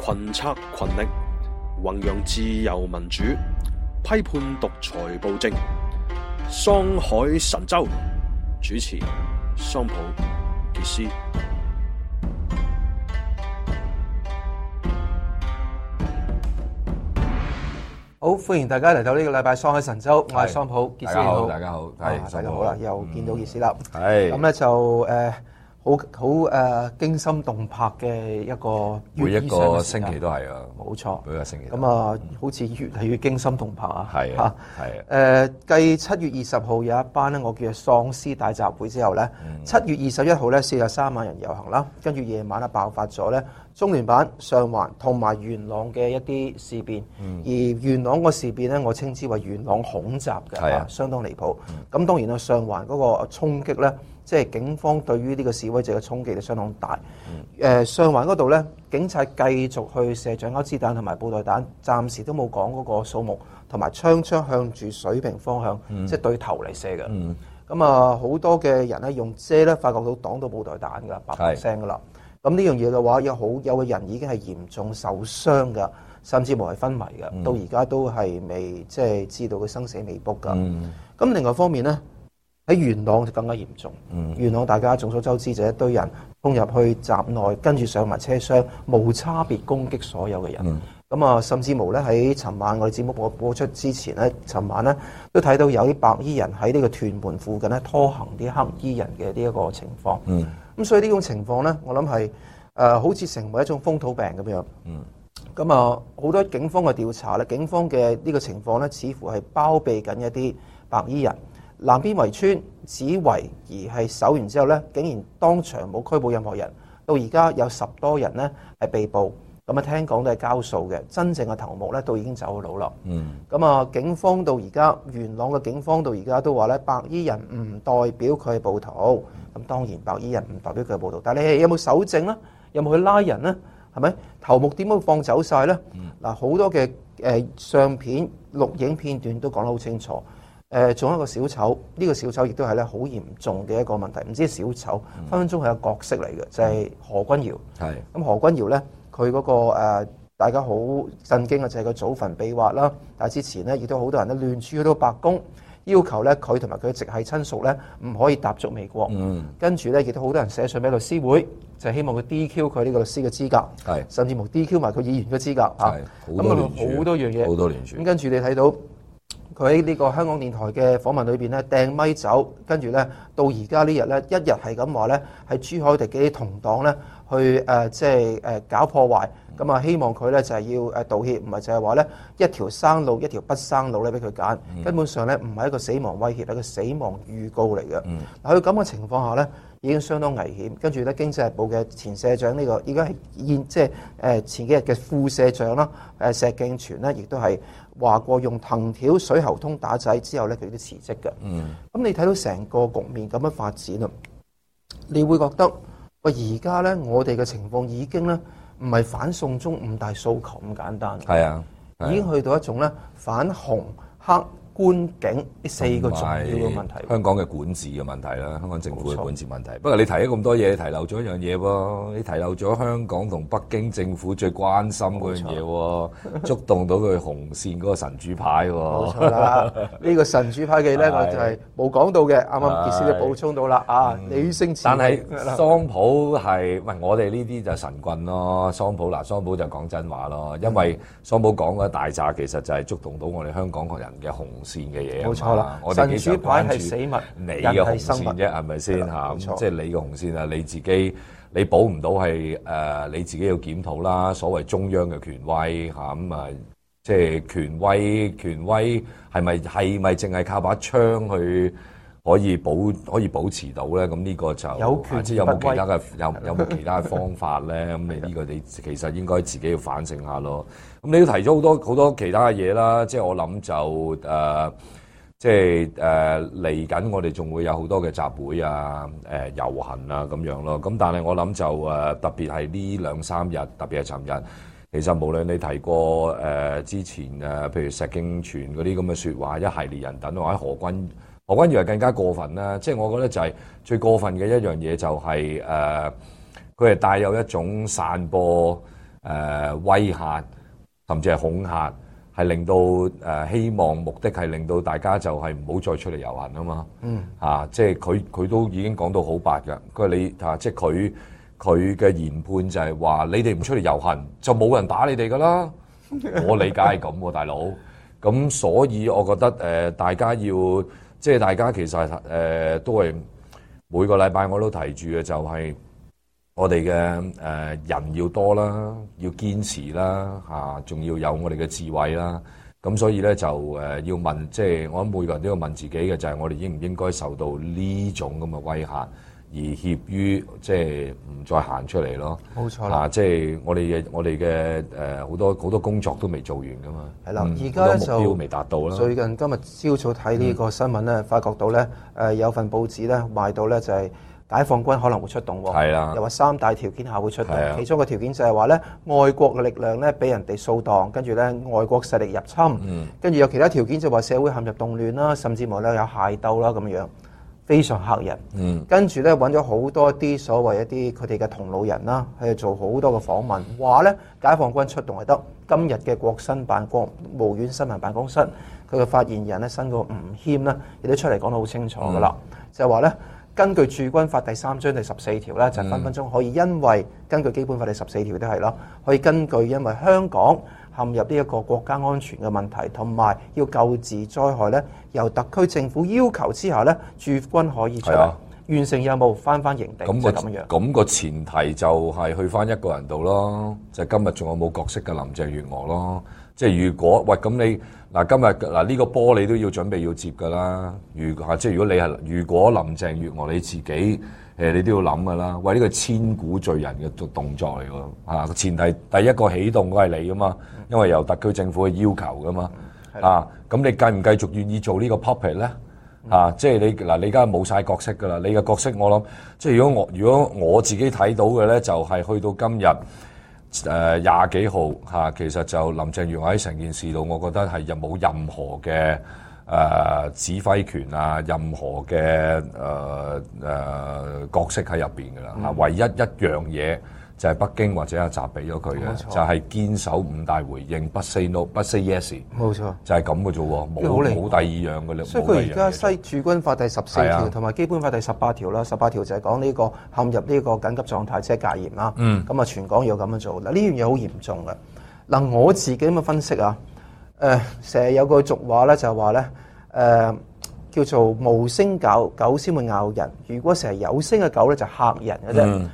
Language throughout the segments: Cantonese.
群策群力，弘揚自由民主，批判獨裁暴政。桑海神州主持桑普杰斯，好歡迎大家嚟到呢個禮拜《桑海神州》，我係桑普杰斯。大家好，大家好，大家好啦、啊啊，又見到杰斯啦。係咁咧就誒。呃好好誒驚心動魄嘅一個月，每一個星期都係啊，冇錯，每一個星期。咁啊，好、嗯、似越嚟越驚心動魄，係啊，嚇，係啊，誒，計七月二十號有一班咧，我叫喪屍大集會之後咧，七、嗯、月二十一號咧，四十三萬人遊行啦，跟住夜晚咧爆發咗咧，中聯辦上環同埋元朗嘅一啲事變、嗯，而元朗個事變咧，我稱之為元朗恐襲嘅，係啊，相當離譜。咁、嗯、當然啦，上環嗰個衝擊咧。即係警方對於呢個示威者嘅衝擊，都相當大、嗯。誒、呃、上環嗰度呢，警察繼續去射橡膠子彈同埋布袋彈，暫時都冇講嗰個數目，同埋槍槍向住水平方向，嗯、即係對頭嚟射嘅。咁、嗯、啊，好多嘅人呢，用遮呢發覺到擋到布袋彈㗎，百 p e 㗎啦。咁呢樣嘢嘅話，有好有嘅人已經係嚴重受傷嘅，甚至無係昏迷嘅、嗯，到而家都係未即係知道佢生死未卜㗎。咁、嗯、另外方面呢。喺元朗就更加嚴重。嗯、元朗大家眾所周知就一堆人衝入去閘內，跟住上埋車廂，無差別攻擊所有嘅人。咁、嗯、啊，甚至乎咧喺尋晚我哋節目播出之前咧，尋晚咧都睇到有啲白衣人喺呢個屯門附近咧拖行啲黑衣人嘅呢一個情況。咁、嗯、所以呢種情況咧，我諗係誒好似成為一種風土病咁樣。咁、嗯、啊，好多警方嘅調查咧，警方嘅呢個情況咧，似乎係包庇緊一啲白衣人。南邊圍村只圍而係守完之後呢，竟然當場冇拘捕任何人。到而家有十多人呢係被捕，咁啊聽講都係交數嘅。真正嘅頭目呢，都已經走佬啦。嗯，咁啊警方到而家，元朗嘅警方到而家都話呢，白衣人唔代表佢係暴徒。咁當然白衣人唔代表佢係暴徒，但係你有冇搜證呢？有冇去拉人呢？係咪頭目點解放走晒呢？嗱，好多嘅誒相片錄影片段都講得好清楚。誒，仲有一個小丑，呢、這個小丑亦都係咧好嚴重嘅一個問題。唔知是小丑、嗯、分分鐘係一個角色嚟嘅，就係、是、何君堯。係咁，何君堯咧，佢嗰、那個、呃、大家好震驚嘅就係、是、個祖墳被挖啦。但係之前咧，亦都好多人咧亂署去到白宮，要求咧佢同埋佢直系親屬咧唔可以踏足美國。嗯，跟住咧亦都好多人寫信俾律師會，就是、希望佢 DQ 佢呢個律師嘅資格，係甚至乎 DQ 埋佢議員嘅資格嚇。咁啊，好多樣嘢，好多連串。咁跟住你睇到。佢喺呢個香港電台嘅訪問裏邊咧，掟咪走，跟住咧到而家呢日咧，一日係咁話咧，喺珠海地嘅啲同黨咧，去誒即係誒搞破壞，咁啊希望佢咧就係、是、要誒道歉，唔係就係話咧一條生路一條不生路咧俾佢揀，根本上咧唔係一個死亡威脅，係一個死亡預告嚟嘅。嗱、嗯，喺咁嘅情況下咧，已經相當危險。跟住咧，《經濟日報》嘅前社長呢、這個，而家係現即係誒前幾日嘅副社長啦，誒石鏡泉咧，亦都係。話過用藤條、水喉通打仔之後咧，佢都辭職嘅。嗯，咁你睇到成個局面咁樣發展啦，你會覺得喂，而家咧，我哋嘅情況已經咧唔係反送中五大訴求咁簡單，係啊，啊，已經去到一種咧反紅黑。觀景呢四個重要嘅問題，香港嘅管治嘅問題啦，香港政府嘅管治問題。不過你提咗咁多嘢，提漏咗一樣嘢喎，你提漏咗香港同北京政府最關心嗰樣嘢喎，觸動到佢紅線嗰 個神主牌喎。冇錯啦，呢個神主牌嘅咧，我就係冇講到嘅，啱啱杰斯都補充到啦，啊李升慈。但係桑普係，喂、哎，我哋呢啲就係神棍咯，桑普嗱，桑普就講真話咯，因為桑普講嗰大炸其實就係觸動到我哋香港人嘅紅。線嘅嘢我哋神主牌係死物，你嘅紅線啫，係咪先嚇？即係、就是、你嘅紅線啊！你自己你保唔到係誒？你自己要檢討啦。所謂中央嘅權威嚇，咁啊，即、就、係、是、權威，權威係咪係咪淨係靠把槍去可以保可以保持到咧？咁呢個就有權不歸，唔知有冇其他嘅有有冇其他嘅方法咧？咁你呢個你其實應該自己要反省下咯。咁你都提咗好多好多其他嘅嘢啦，即、就、係、是、我諗就誒，即係誒嚟緊，就是呃、我哋仲會有好多嘅集會啊、誒、呃、遊行啊咁樣咯。咁但係我諗就誒，特別係呢兩三日，特別係尋日，其實無論你提過誒、呃、之前誒，譬如石鏡泉嗰啲咁嘅說話，一系列人等，或者何君何君堯更加過分啦。即、就、係、是、我覺得就係最過分嘅一樣嘢就係、是、誒，佢係帶有一種散播誒、呃、威嚇。甚至係恐嚇，係令到誒希望目的係令到大家就係唔好再出嚟遊行啊嘛。嗯、啊，嚇，即係佢佢都已經講到好白㗎。佢話你嚇，即係佢佢嘅研判就係話你哋唔出嚟遊行就冇人打你哋㗎啦。我理解係咁喎，大佬。咁所以我覺得誒大家要即係大家其實係誒、呃、都係每個禮拜我都提住嘅就係、是。我哋嘅誒人要多啦，要堅持啦，嚇，仲要有我哋嘅智慧啦。咁所以咧就誒要問，即係我諗每個人都要問自己嘅，就係我哋應唔應該受到呢種咁嘅威嚇而怯於即係唔再行出嚟咯。冇錯，嚇，即係我哋嘅我哋嘅誒好多好多工作都未做完噶嘛。係啦，而家就目標未達到啦，最近今日朝早睇呢個新聞咧、嗯，發覺到咧誒有份報紙咧賣到咧就係。解放軍可能會出動喎，又話三大條件下會出動，其中一個條件就係話呢，外國嘅力量呢，俾人哋掃蕩，跟住呢，外國勢力入侵，跟、嗯、住有其他條件就話社會陷入動亂啦，甚至乎呢有械鬥啦咁樣，非常嚇人。跟住呢，揾咗好多啲所謂一啲佢哋嘅同路人啦，喺度做好多嘅訪問，話呢，解放軍出動係得。今日嘅國新辦國務院新聞辦公室佢嘅發言人呢，新個吳謙啦，亦都出嚟講得好清楚噶啦、嗯，就係話呢。根據駐軍法第三章第十四條咧，就係、分分鐘可以因為根據基本法第十四條都係咯，可以根據因為香港陷入呢一個國家安全嘅問題，同埋要救治災害咧，由特區政府要求之下咧，駐軍可以出、啊、完成任務，翻返營地。咁、咁個咁、就係咁個前提就係去翻一個人度咯，就係、今日仲有冇角色嘅林鄭月娥咯？即、就、係、係、如果喂咁你。嗱，今日嗱呢個波你都要準備要接噶啦，如果即係如果你係如果林鄭月娥你自己你都要諗噶啦，喂呢個千古罪人嘅動作嚟喎嚇，前提第一個起動都係你㗎嘛，因為由特區政府嘅要求噶嘛咁、啊、你繼唔繼續願意做呢個 puppet 咧、啊、即係你嗱，你而家冇晒角色噶啦，你嘅角色我諗即係如果我如果我自己睇到嘅咧，就係去到今日。誒廿幾號嚇，其實就林鄭月娥喺成件事度，我覺得係冇任何嘅誒、呃、指揮權啊，任何嘅誒誒角色喺入邊㗎啦。唯一一樣嘢。就係、是、北京或者阿習俾咗佢嘅，就係、是、堅守五大回應，不 say no，不 say yes，冇錯，就係咁嘅啫喎，冇冇第二樣嘅啦。所以佢而家西駐軍法第十四條同埋、啊、基本法第十八條啦，十八條就係講呢個陷入呢個緊急狀態即係、就是、戒嚴啦。咁、嗯、啊，全港要咁樣做嗱，呢樣嘢好嚴重嘅嗱，我自己咁樣分析啊，誒、呃，成日有句俗話咧，就係話咧，誒，叫做無聲狗，狗先會咬人；如果成日有聲嘅狗咧，就嚇人嘅啫。嗯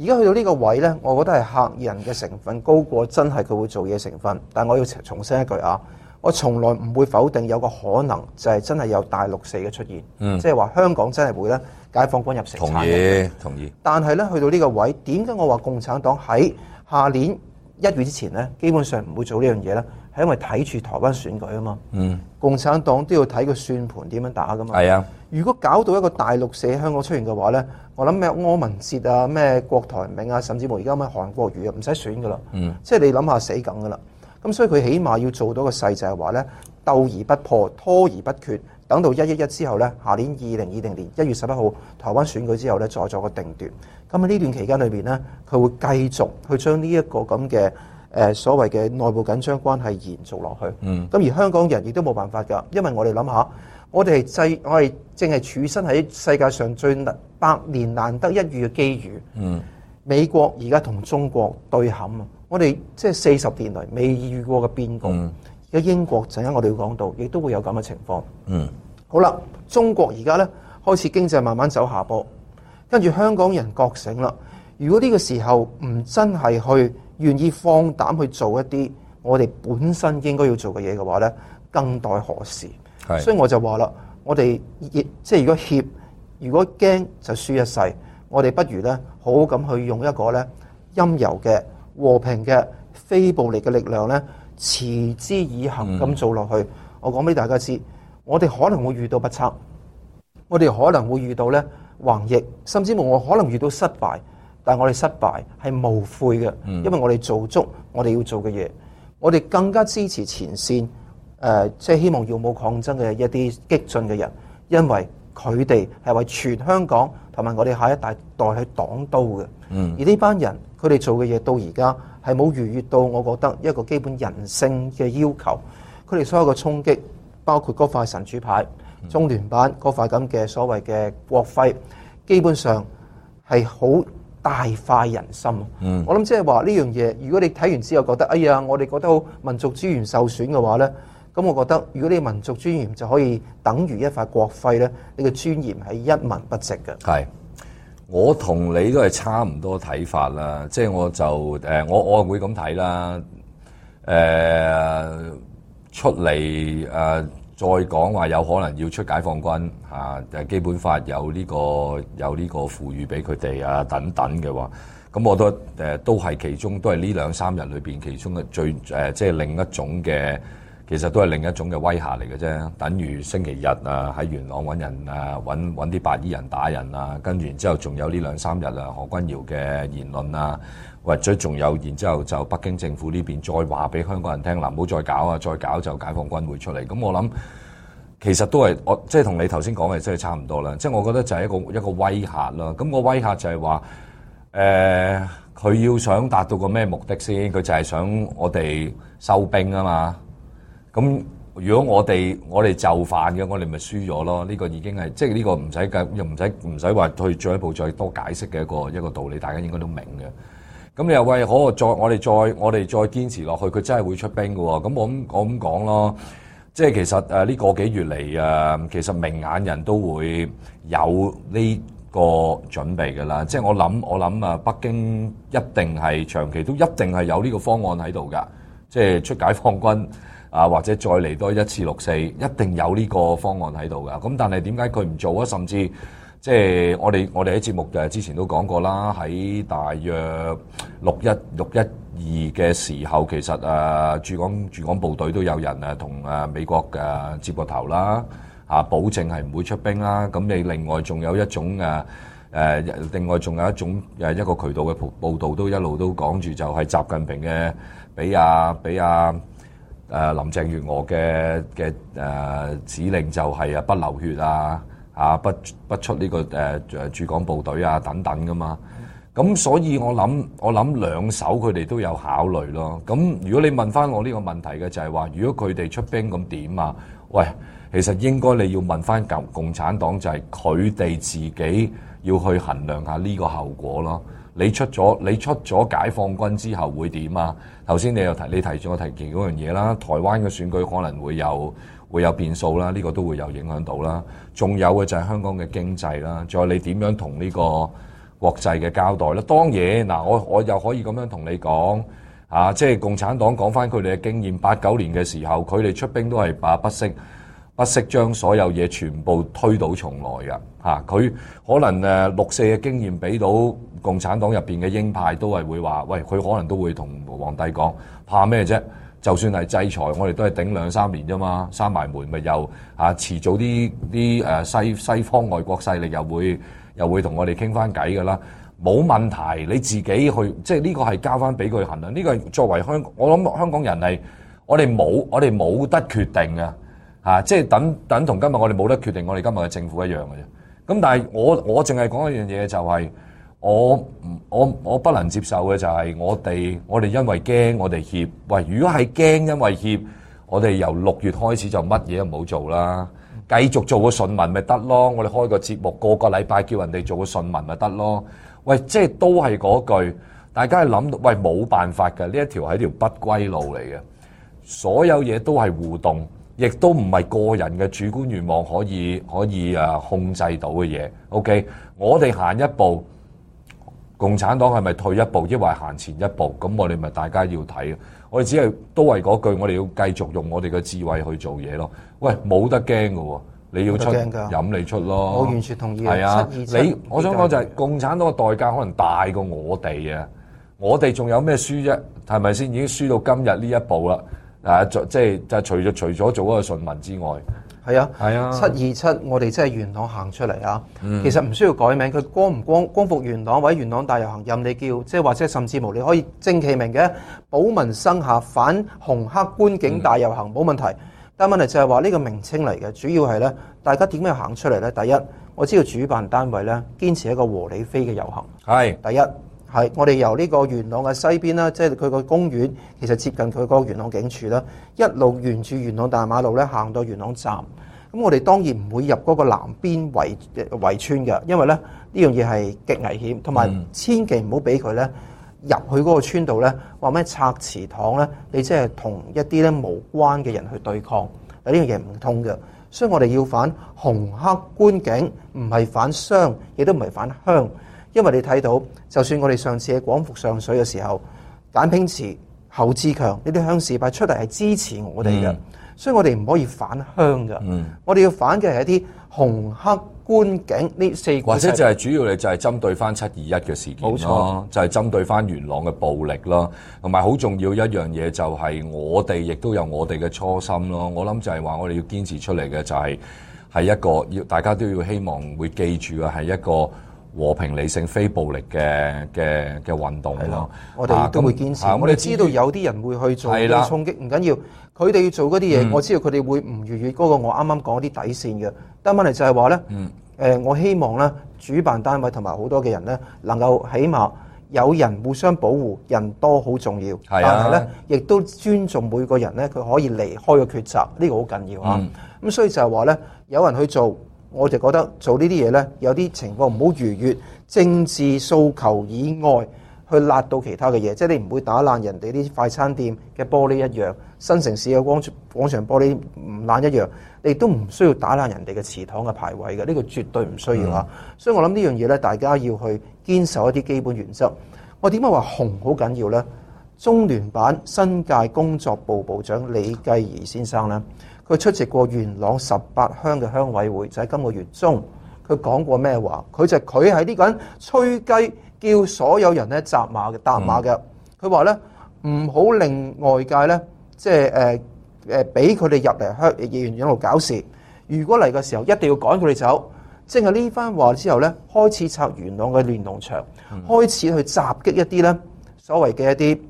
而家去到呢個位呢，我覺得係客人嘅成分高過真係佢會做嘢成分。但我要重申一句啊，我從來唔會否定有個可能就係真係有大陸四嘅出現。嗯，即係話香港真係會咧，解放軍入城。同意，同意。但係呢，去到呢個位，點解我話共產黨喺下年一月之前呢基本上唔會做呢樣嘢呢？係因為睇住台灣選舉啊嘛。嗯。共產黨都要睇個算盤點樣打噶嘛。係啊。如果搞到一個大陸四香港出現嘅話呢。我諗咩柯文哲啊，咩郭台銘啊，甚至乎而家咩韓國瑜啊，唔使選噶啦，即係你諗下死梗噶啦。咁所以佢起碼要做到個勢就係話呢，鬥而不破，拖而不決。等到一一一之後呢，下年二零二零年一月十一號台灣選舉之後呢，再作個定奪。咁喺呢段期間裏面呢，佢會繼續去將呢一個咁嘅、呃、所謂嘅內部緊張關係延續落去。咁、嗯、而香港人亦都冇辦法㗎，因為我哋諗下。我哋係制，我哋正係處身喺世界上最難百年難得一遇嘅機遇。嗯，美國而家同中國對撼啊！我哋即係四十年來未遇過嘅變故。嗯，而家英國陣間我哋講到，亦都會有咁嘅情況。嗯，好啦，中國而家咧開始經濟慢慢走下坡，跟住香港人覺醒啦。如果呢個時候唔真係去願意放膽去做一啲我哋本身應該要做嘅嘢嘅話咧，更待何時？所以我就話啦，我哋即係如果怯，如果驚就輸一世，我哋不如咧好好咁去用一個咧陰柔嘅和平嘅非暴力嘅力量咧，持之以恆咁做落去。嗯、我講俾大家知，我哋可能會遇到不測，我哋可能會遇到咧橫逆，甚至我可能遇到失敗，但我哋失敗係無悔嘅、嗯，因為我哋做足我哋要做嘅嘢，我哋更加支持前線。誒、呃，即係希望勇武抗爭嘅一啲激進嘅人，因為佢哋係為全香港同埋我哋下一代代去擋刀嘅。嗯。而呢班人佢哋做嘅嘢到而家係冇逾越到，我覺得一個基本人性嘅要求。佢哋所有嘅衝擊，包括嗰塊神主牌、嗯、中聯辦嗰塊咁嘅所謂嘅國徽，基本上係好大快人心。嗯。我諗即係話呢樣嘢，如果你睇完之後覺得，哎呀，我哋覺得好民族資源受損嘅話呢。咁我覺得，如果你民族尊嚴就可以等於一塊國徽咧，呢個尊嚴係一文不值嘅。係我同你都係差唔多睇法，就是，就就看啦。即係我就誒，我我會咁睇啦。誒，出嚟誒，呃，再講話有可能要出解放軍嚇，誒、啊、基本法有呢、這個有呢個賦予俾佢哋啊等等嘅喎。咁我覺得誒都係，呃、其中都係呢兩三日裏邊其中嘅最誒，即、呃、係、就是、另一種嘅。其實都係另一種嘅威嚇嚟嘅啫，等於星期日啊喺元朗揾人啊揾揾啲白衣人打人啊，跟完之後仲有呢兩三日啊何君堯嘅言論啊，或者仲有然之後就北京政府呢邊再話俾香港人聽，嗱唔好再搞啊，再搞就解放軍會出嚟。咁我諗其實都係我即係同你頭先講嘅真係差唔多啦。即係我覺得就係一個一個威嚇啦。咁個威嚇就係話，誒佢要想達到個咩目的先？佢就係想我哋收兵啊嘛。咁如果我哋我哋就範嘅，我哋咪輸咗咯。呢個已經係即係呢個唔使計，又唔使唔使話去進一步再多解釋嘅一個一個道理，大家應該都明嘅。咁你又話，喂，好，再我哋再我哋再堅持落去，佢真係會出兵㗎喎。咁我咁我咁講咯，即係其實誒呢個幾月嚟啊，其實明眼人都會有呢個準備㗎啦。即係我諗我諗啊，北京一定係長期都一定係有呢個方案喺度㗎，即係出解放軍。啊，或者再嚟多一次六四，一定有呢個方案喺度㗎。咁但係點解佢唔做啊？甚至即係我哋我哋喺節目嘅之前都講過啦。喺大約六一六一二嘅時候，其實誒駐港駐港部隊都有人誒同誒美國嘅接個頭啦，啊保證係唔會出兵啦。咁你另外仲有一種誒誒，另外仲有一種誒一個渠道嘅報道都一路都講住就係習近平嘅俾啊俾啊。誒林鄭月娥嘅嘅誒指令就係啊不流血啊不不出呢個誒駐港部隊啊等等㗎嘛，咁所以我諗我諗兩手佢哋都有考慮咯。咁如果你問翻我呢個問題嘅就係話，如果佢哋出兵咁點啊？喂，其實應該你要問翻共共產黨，就係佢哋自己要去衡量下呢個後果咯。你出咗你出咗解放軍之後會點啊？頭先你又提你提咗提前件嗰樣嘢啦，台灣嘅選舉可能會有會有變數啦，呢、這個都會有影響到啦。仲有嘅就係香港嘅經濟啦，再你點樣同呢個國際嘅交代咧？當然嗱，我我又可以咁樣同你講啊，即、就、係、是、共產黨講翻佢哋嘅經驗，八九年嘅時候佢哋出兵都係八不勝。不惜將所有嘢全部推倒重來嘅吓，佢可能誒六四嘅經驗俾到共產黨入面嘅鷹派都係會話喂，佢可能都會同皇帝講怕咩啫？就算係制裁，我哋都係頂兩三年啫嘛，閂埋門咪又嚇、啊、遲早啲啲西西方外國勢力又會又會同我哋傾翻偈㗎啦，冇問題，你自己去即係呢個係交翻俾佢衡量。呢、呢個作為香港我諗香港人係我哋冇我哋冇得決定嘅。啊！即係等等同今日我哋冇得決定，我哋今日嘅政府一樣嘅啫。咁但係我我淨係講一樣嘢，就係，就係我唔我我不能接受嘅就係、係、我哋我哋因為驚我哋怯。喂，如果係驚因為怯，我哋由六月開始就乜嘢都唔好做啦。繼續做個順民咪得咯。我哋開個節目，個個禮拜叫人哋做個順民咪得咯。喂，即係都係嗰句，大家係諗到，喂冇辦法㗎。呢一條係一條不歸路嚟嘅，所有嘢都係互動。亦都唔係個人嘅主觀願望可以可以控制到嘅嘢。OK，我哋行一步，共產黨係咪退一步，抑或行前一步？咁我哋咪大家要睇。我哋只係都係嗰句，我哋要繼續用我哋嘅智慧去做嘢咯。喂，冇得驚嘅喎，你要出任你出咯。我完全同意啊！你我想講就係共產黨嘅代價可能大過我哋啊！我哋仲有咩輸啫？係咪先已經輸到今日呢一步啦？啊！即係就係除咗除咗做嗰個順民之外，係啊係啊，七二七我哋即係元朗行出嚟啊、嗯！其實唔需要改名，佢光唔光光復元朗，或者元朗大遊行，任你叫，即係或者甚至乎你可以正其名嘅保民生下反紅黑官警大遊行冇、嗯、問題。但係問題就係話呢個名稱嚟嘅，主要係咧，大家點樣行出嚟咧？第一，我知道主辦單位咧堅持一個和理非嘅遊行係第一。係，我哋由呢個元朗嘅西邊啦，即係佢個公園，其實接近佢個元朗警署啦，一路沿住元朗大馬路咧行到元朗站。咁我哋當然唔會入嗰個南邊圍圍村嘅，因為咧呢樣嘢係極危險，同埋千祈唔好俾佢咧入去嗰個村度咧，話咩拆祠堂咧？你即係同一啲咧無關嘅人去對抗，嗱呢樣嘢唔通嘅。所以我哋要反紅黑官警，唔係反商，亦都唔係反鄉。因為你睇到，就算我哋上次喺光復上水嘅時候，簡平池侯志強呢啲鄉事派出嚟係支持我哋嘅、嗯，所以我哋唔可以反鄉㗎、嗯。我哋要反嘅係一啲紅黑官警呢四個。或者就係主要，就係針對翻七二一嘅事件。冇錯，就係、是、針對翻元朗嘅暴力囉。同埋好重要一樣嘢就係我哋亦都有我哋嘅初心咯。我諗就係話，我哋要堅持出嚟嘅就係、是、係一個要大家都要希望會記住嘅係一個。和平、理性、非暴力嘅嘅嘅運動咯、啊，我哋都會堅持。啊、我哋知道、嗯、有啲人會去做啲衝擊，唔緊要。佢、嗯、哋要做嗰啲嘢，我知道佢哋會唔逾越嗰個我啱啱講啲底線嘅。但問題就係話咧，誒、嗯呃，我希望咧，主辦單位同埋好多嘅人咧，能夠起碼有人互相保護，人多好重要。是但係咧，亦都尊重每個人咧，佢可以離開嘅抉擇，呢、呢個好緊要、嗯、啊。咁所以就係話咧，有人去做。我就覺得做呢啲嘢呢，有啲情況唔好逾越政治訴求以外，去辣到其他嘅嘢。即係你唔會打爛人哋啲快餐店嘅玻璃一樣，新城市嘅廣場玻璃唔爛一樣，你都唔需要打爛人哋嘅祠堂嘅牌位嘅。呢、這個絕對唔需要、嗯、所以我諗呢樣嘢呢，大家要去堅守一啲基本原則。我點解話紅好緊要呢？中聯辦新界工作部部長李繼儀先生呢。佢出席過元朗十八鄉嘅鄉委會，就喺今個月中，佢講過咩話？佢就佢係呢個人吹雞，叫所有人咧紮馬嘅搭馬嘅。佢話咧唔好令外界咧，即係誒誒俾佢哋入嚟鄉議員一路搞事。如果嚟嘅時候一定要趕佢哋走。正係呢番話之後咧，開始拆元朗嘅連儂牆，開始去襲擊一啲咧所謂嘅一啲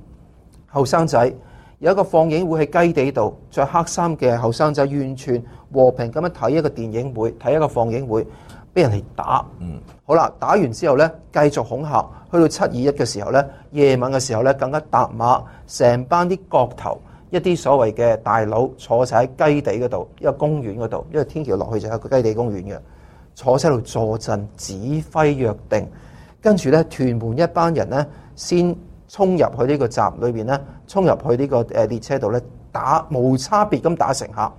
後生仔。有一個放映會喺雞地度，着黑衫嘅後生仔完全和平咁樣睇一個電影會，睇一個放映會，俾人哋打。嗯，好啦，打完之後呢，繼續恐嚇。去到七二一嘅時候呢，夜晚嘅時候呢，更加搭馬，成班啲角頭，一啲所謂嘅大佬坐晒喺雞地嗰度，一個公園嗰度，一個天橋落去就係一個雞地公園嘅，坐喺度坐鎮指揮約定，跟住呢，屯門一班人呢。先。衝入去呢個閘裏邊呢，衝入去呢個誒列車度呢，打無差別咁打乘客。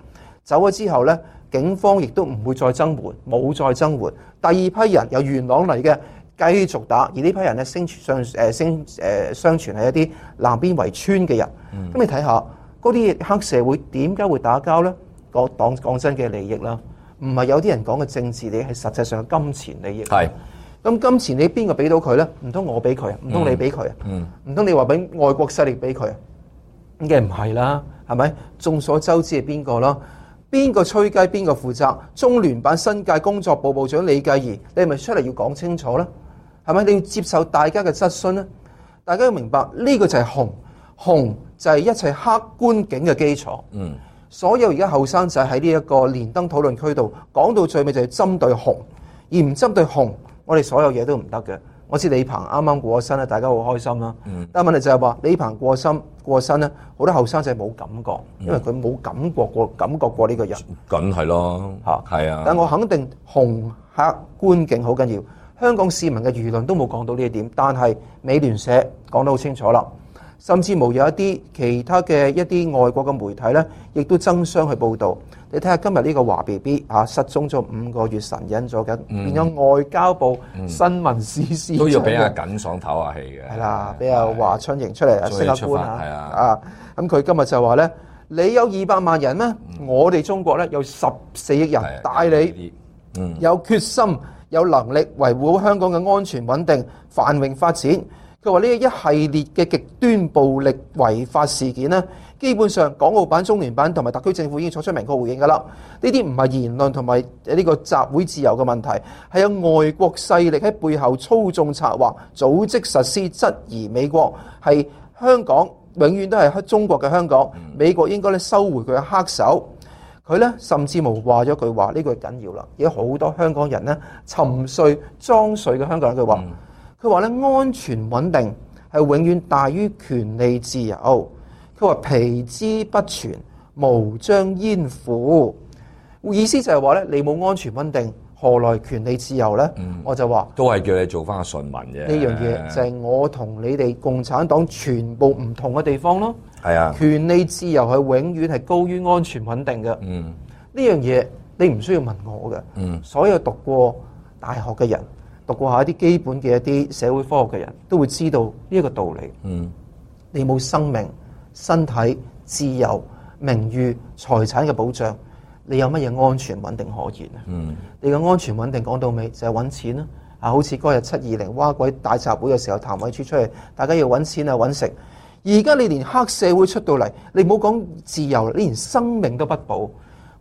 走咗之後呢，警方亦都唔會再增援，冇再增援。第二批人由元朗嚟嘅，繼續打。而呢批人呢，聲傳相傳係一啲南邊圍村嘅人。咁你睇下，嗰啲黑社會點解會打交呢？各黨講真嘅利益啦，唔係有啲人講嘅政治利益，係實際上嘅金錢利益。係。咁今次你邊個俾到佢呢？唔通我俾佢啊？唔通你俾佢啊？唔、嗯、通、嗯、你話俾外國勢力俾佢？咁梗係唔係啦，係咪？眾所周知係邊個咯？邊個吹雞，邊個負責？中聯辦新界工作部部長李薊貽，你係咪出嚟要講清楚咧？係咪你要接受大家嘅質詢呢？大家要明白呢、呢個就係紅，紅就係一切黑觀景嘅基礎。嗯，所有而家後生仔喺呢一個連登討論區度講到最尾就係針對紅，而唔針對紅。我哋所有嘢都唔得嘅。我知李鵬啱啱過身咧，大家好開心啦、嗯。但係問題就係話，李鵬過身過身咧，好多後生仔冇感覺，嗯、因為佢冇感覺過，感覺過呢個人。梗係咯，吓、係啊。但我肯定，紅客觀景好緊要。香港市民嘅輿論都冇講到呢一點，但係美聯社講得好清楚啦。甚至無有一啲其他嘅一啲外國嘅媒體咧，亦都爭相去報導。你睇下今日呢個華 BB 啊，失蹤咗五個月，神隱咗緊，變咗外交部新聞司司長都要俾佢緊爽唞下氣嘅。係啦，俾阿華春瑩出嚟升下官啊！啊，咁佢今日就話咧：你有二百萬人咩？我哋中國咧有十四億人帶你，有決心、有能力維護好香港嘅安全穩定、繁榮發展。佢話呢一系列嘅極端暴力違法事件咧。基本上，港澳辦、中聯辦同埋特區政府已經作出明確回應㗎啦。呢啲唔係言論同埋呢個集會自由嘅問題，係有外國勢力喺背後操縱策劃、組織實施質疑美國，係香港永遠都係中國嘅香港。美國應該咧收回佢嘅黑手。佢呢甚至無話咗句話，呢句緊要啦。而好多香港人呢，沉睡、裝睡嘅香港人，佢話：佢話呢，安全穩定係永遠大於權利自由。佢話皮之不存，毛將焉附？意思就係話咧，你冇安全穩定，何來權利自由咧、嗯？我就話都係叫你做返個順民啫。呢樣嘢就係我同你哋共產黨全部唔同嘅地方咯。係、嗯、啊，權利自由係永遠係高於安全穩定嘅。嗯，呢樣嘢你唔需要問我嘅。嗯，所有讀過大學嘅人，讀過下一啲基本嘅一啲社會科學嘅人都會知道呢一個道理。嗯，你冇生命。身體、自由、名譽、財產嘅保障，你有乜嘢安全穩定可言啊、嗯？你嘅安全穩定講到尾就係揾錢啦！啊，好似嗰日七二零哇鬼大集會嘅時候，譚惠珠出嚟，大家要揾錢啊揾食。而家、啊、你連黑社會出到嚟，你唔好講自由，你連生命都不保。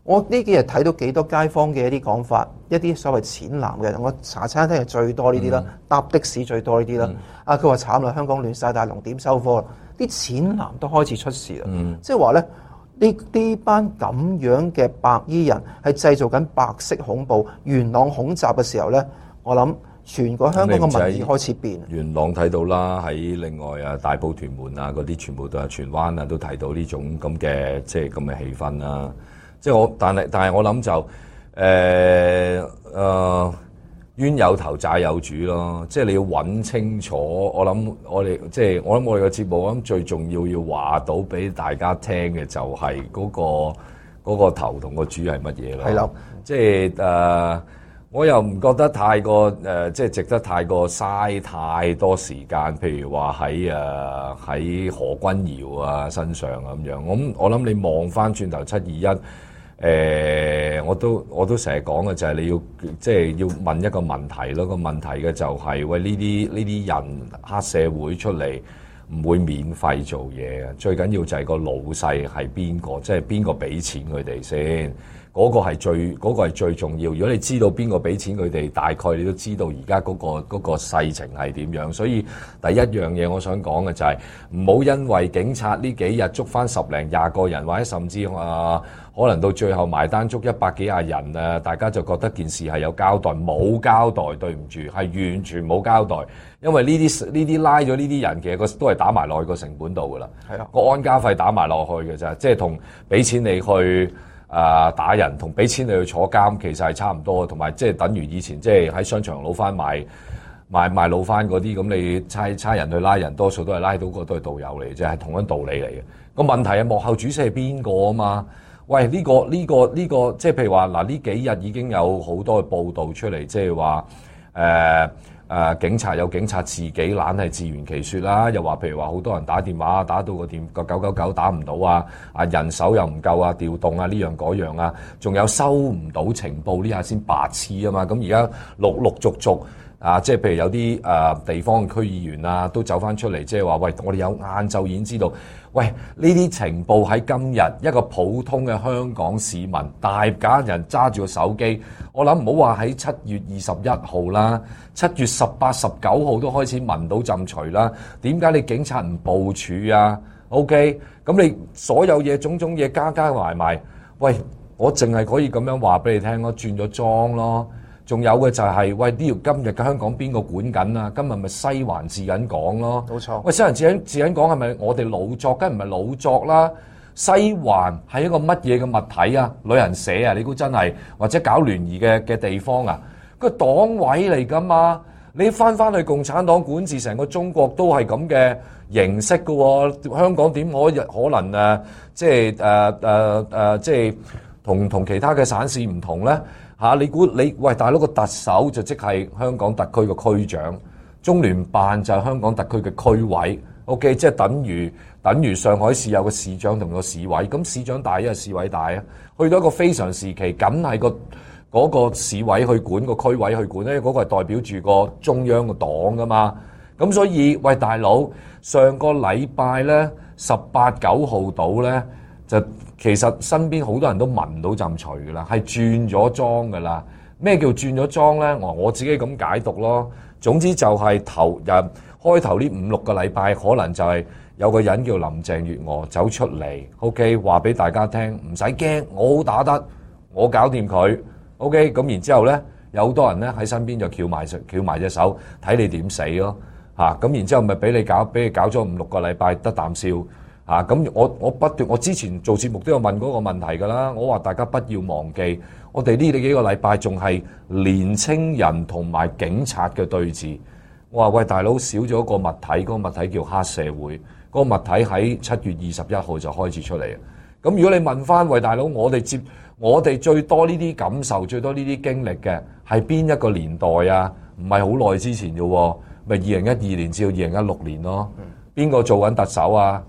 我呢幾日睇到幾多街坊嘅一啲講法，一啲所謂淺藍嘅，我茶餐廳係最多呢啲啦，搭的士最多呢啲啦。啊，佢話慘啦，香港亂晒大龍點收科？啲淺藍都開始出事啦、嗯，即係話咧，呢啲班咁樣嘅白衣人係製造緊白色恐怖。元朗恐襲嘅時候咧，我諗全個香港嘅民意開始變。元朗睇到啦，喺另外啊大埔屯門啊嗰啲全部都係荃灣啊都睇到呢種咁嘅即係咁嘅氣氛啦、啊。即係我但係但係我諗就誒、呃呃冤有頭債有主咯，即係你要揾清楚。我諗我哋即係我諗我哋個節目，我諗最重要要話到俾大家聽嘅就係嗰個嗰個頭同個主係乜嘢咯。係啦，即係誒、呃，我又唔覺得太過誒，即係值得太過嘥太多時間，譬如話喺誒喺何君堯啊身上咁樣。我我諗你望翻轉頭七二一。誒，我都我都成日講嘅就係你要即係要問一個問題咯。個問題嘅就係喂，呢啲呢啲人黑社會出嚟，唔會免費做嘢嘅。最緊要就係個老細係邊個，即係邊個俾錢佢哋先，嗰個係最嗰個係最重要。如果你知道邊個俾錢佢哋，大概你都知道而家嗰個嗰個世情係點樣。所以第一樣嘢我想講嘅就係唔好因為警察呢幾日捉翻十零廿個人，或者甚至啊～可能到最後埋單足一百幾廿人啊！大家就覺得件事係有交代，冇交代，對唔住，係完全冇交代。因為呢啲呢啲拉咗呢啲人，其實個都係打埋落去個成本度噶啦。係啊，個安家費打埋落去嘅咋，即係同俾錢你去啊打人，同俾錢你去坐監，其實係差唔多，同埋即係等於以前即係喺商場攞翻賣賣賣攞翻嗰啲咁，你差差人去拉人，多數都係拉到個都係導遊嚟啫，係、就是、同一道理嚟嘅。個問題係幕後主使係邊個啊嘛？喂，呢個呢個呢個，即係譬如話，嗱，呢幾日已經有好多嘅報道出嚟，即係話，誒誒，警察有警察自己懶係自圓其説啦，又話譬如話，好多人打電話打到個電個九九九打唔到啊，啊人手又唔夠啊，調動啊呢樣嗰樣啊，仲有收唔到情報呢下先白痴啊嘛，咁而家陸陸續續。啊，即係譬如有啲誒、呃、地方嘅區議員啊，都走翻出嚟，即係話喂，我哋有晏晝已經知道，喂，呢啲情報喺今日一個普通嘅香港市民，大把人揸住個手機，我諗唔好話喺七月二十一號啦，七月十八、十九號都開始聞到陣除啦。點解你警察唔部署啊？OK，咁你所有嘢、種種嘢、加加埋埋，喂，我淨係可以咁樣話俾你聽咯，轉咗裝咯。仲有嘅就係、是、喂，呢條今日嘅香港邊個管緊啊？今日咪西環治緊港咯，冇錯。喂，西環治緊治緊港係咪我哋老作？梗唔係老作啦。西環係一個乜嘢嘅物體啊？旅行社啊，你估真係或者搞聯誼嘅嘅地方啊？個黨委嚟噶嘛？你翻翻去共產黨管治成個中國都係咁嘅形式噶喎、哦。香港點可以可能啊？即係誒誒誒，即係同同其他嘅省市唔同咧。吓你估你喂大佬個特首就即係香港特區個區長，中聯辦就係香港特區嘅區委，OK，即係等於等於上海市有個市長同個市委，咁市長大一係市委大啊，去到一個非常時期，梗係個嗰個市委去管個區委去管咧，因為嗰個係代表住個中央個黨噶嘛，咁所以喂大佬，上個禮拜咧十八九號到咧。就其實身邊好多人都聞到陣除啦，係轉咗裝噶啦。咩叫轉咗裝呢？我自己咁解讀咯。總之就係頭日、啊、開頭呢五六個禮拜，可能就係有個人叫林鄭月娥走出嚟，OK 話俾大家聽，唔使驚，我好打得我搞掂佢，OK。咁然之後呢，有好多人呢喺身邊就翹埋翹埋隻手，睇你點死咯嚇。咁然之後咪俾你搞，俾你搞咗五六個禮拜得啖笑。啊！咁我我不斷，我之前做節目都有問嗰個問題㗎啦。我話大家不要忘記，我哋呢幾個禮拜仲係年青人同埋警察嘅對峙。我話喂，大佬少咗個物體，嗰個物體叫黑社會。嗰個物體喺七月二十一號就開始出嚟。咁如果你問翻喂，大佬我哋接我哋最多呢啲感受，最多呢啲經歷嘅係邊一個年代啊？唔係好耐之前喎。咪二零一二年至到二零一六年咯。邊個做緊特首啊？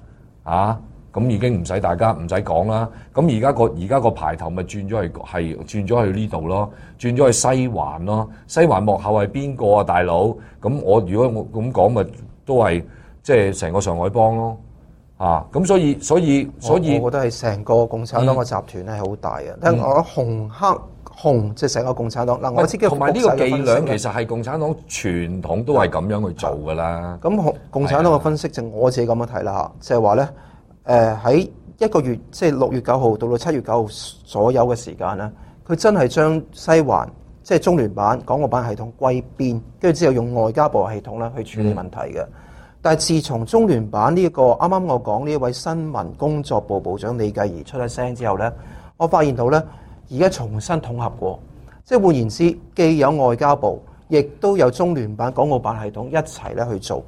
啊！咁已經唔使大家唔使講啦。咁而家個而家個牌頭咪轉咗去係轉咗去呢度咯，轉咗去，去西環咯。西環幕後係邊個啊，大佬？咁我如果我咁講咪都係即係成個上海幫咯。啊！咁所以所以所以，所以，我，我覺得係成個共產黨嘅集團咧係好大啊。但、嗯、我紅黑。紅即係成個共產黨嗱，我自己同埋呢個伎倆，其實係共產黨傳統都係咁樣去做噶啦。咁共共產黨嘅分析，就我自己咁樣睇啦嚇，就係話咧，誒喺一個月，即係六月九號到到七月九號左右嘅時間咧，佢真係將西環即係中聯辦、港澳辦系統歸邊，跟住之後用外交部系統咧去處理問題嘅。但係自從中聯辦呢、這、一個啱啱我講呢一位新聞工作部部長李繼儀出咗聲之後咧，我發現到咧。而家重新統合過，即係換言之，既有外交部，亦都有中聯辦、港澳辦系統一齊咧去做。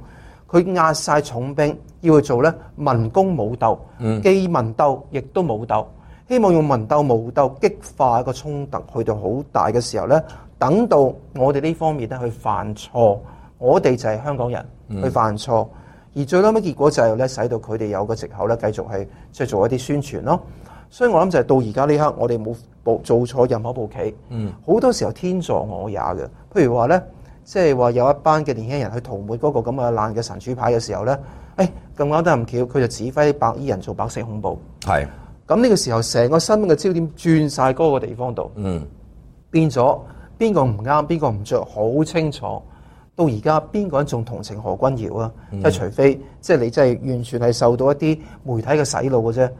佢壓晒重兵，要去做咧民工武鬥、嗯，既民鬥亦都武鬥，希望用民鬥武鬥激化個衝突，去到好大嘅時候咧，等到我哋呢方面咧去犯錯，我哋就係香港人、嗯、去犯錯，而最多嘅結果就係咧，使到佢哋有個藉口咧，繼續係即係做一啲宣傳咯。所以我諗就係到而家呢刻，我哋冇做錯任何一步棋。嗯、好多時候天助我也嘅，譬如話咧，即係話有一班嘅年輕人去塗抹嗰個咁嘅爛嘅神主牌嘅時候咧，誒咁啱得咁巧，佢就指揮白衣人做白色恐怖。係咁呢個時候，成個新聞嘅焦點轉晒嗰個地方度、嗯，變咗邊個唔啱，邊個唔着，好清楚。到而家邊個人仲同情何君堯啊？嗯、即係、就是、除非即係、就是、你真係完全係受到一啲媒體嘅洗腦嘅啫。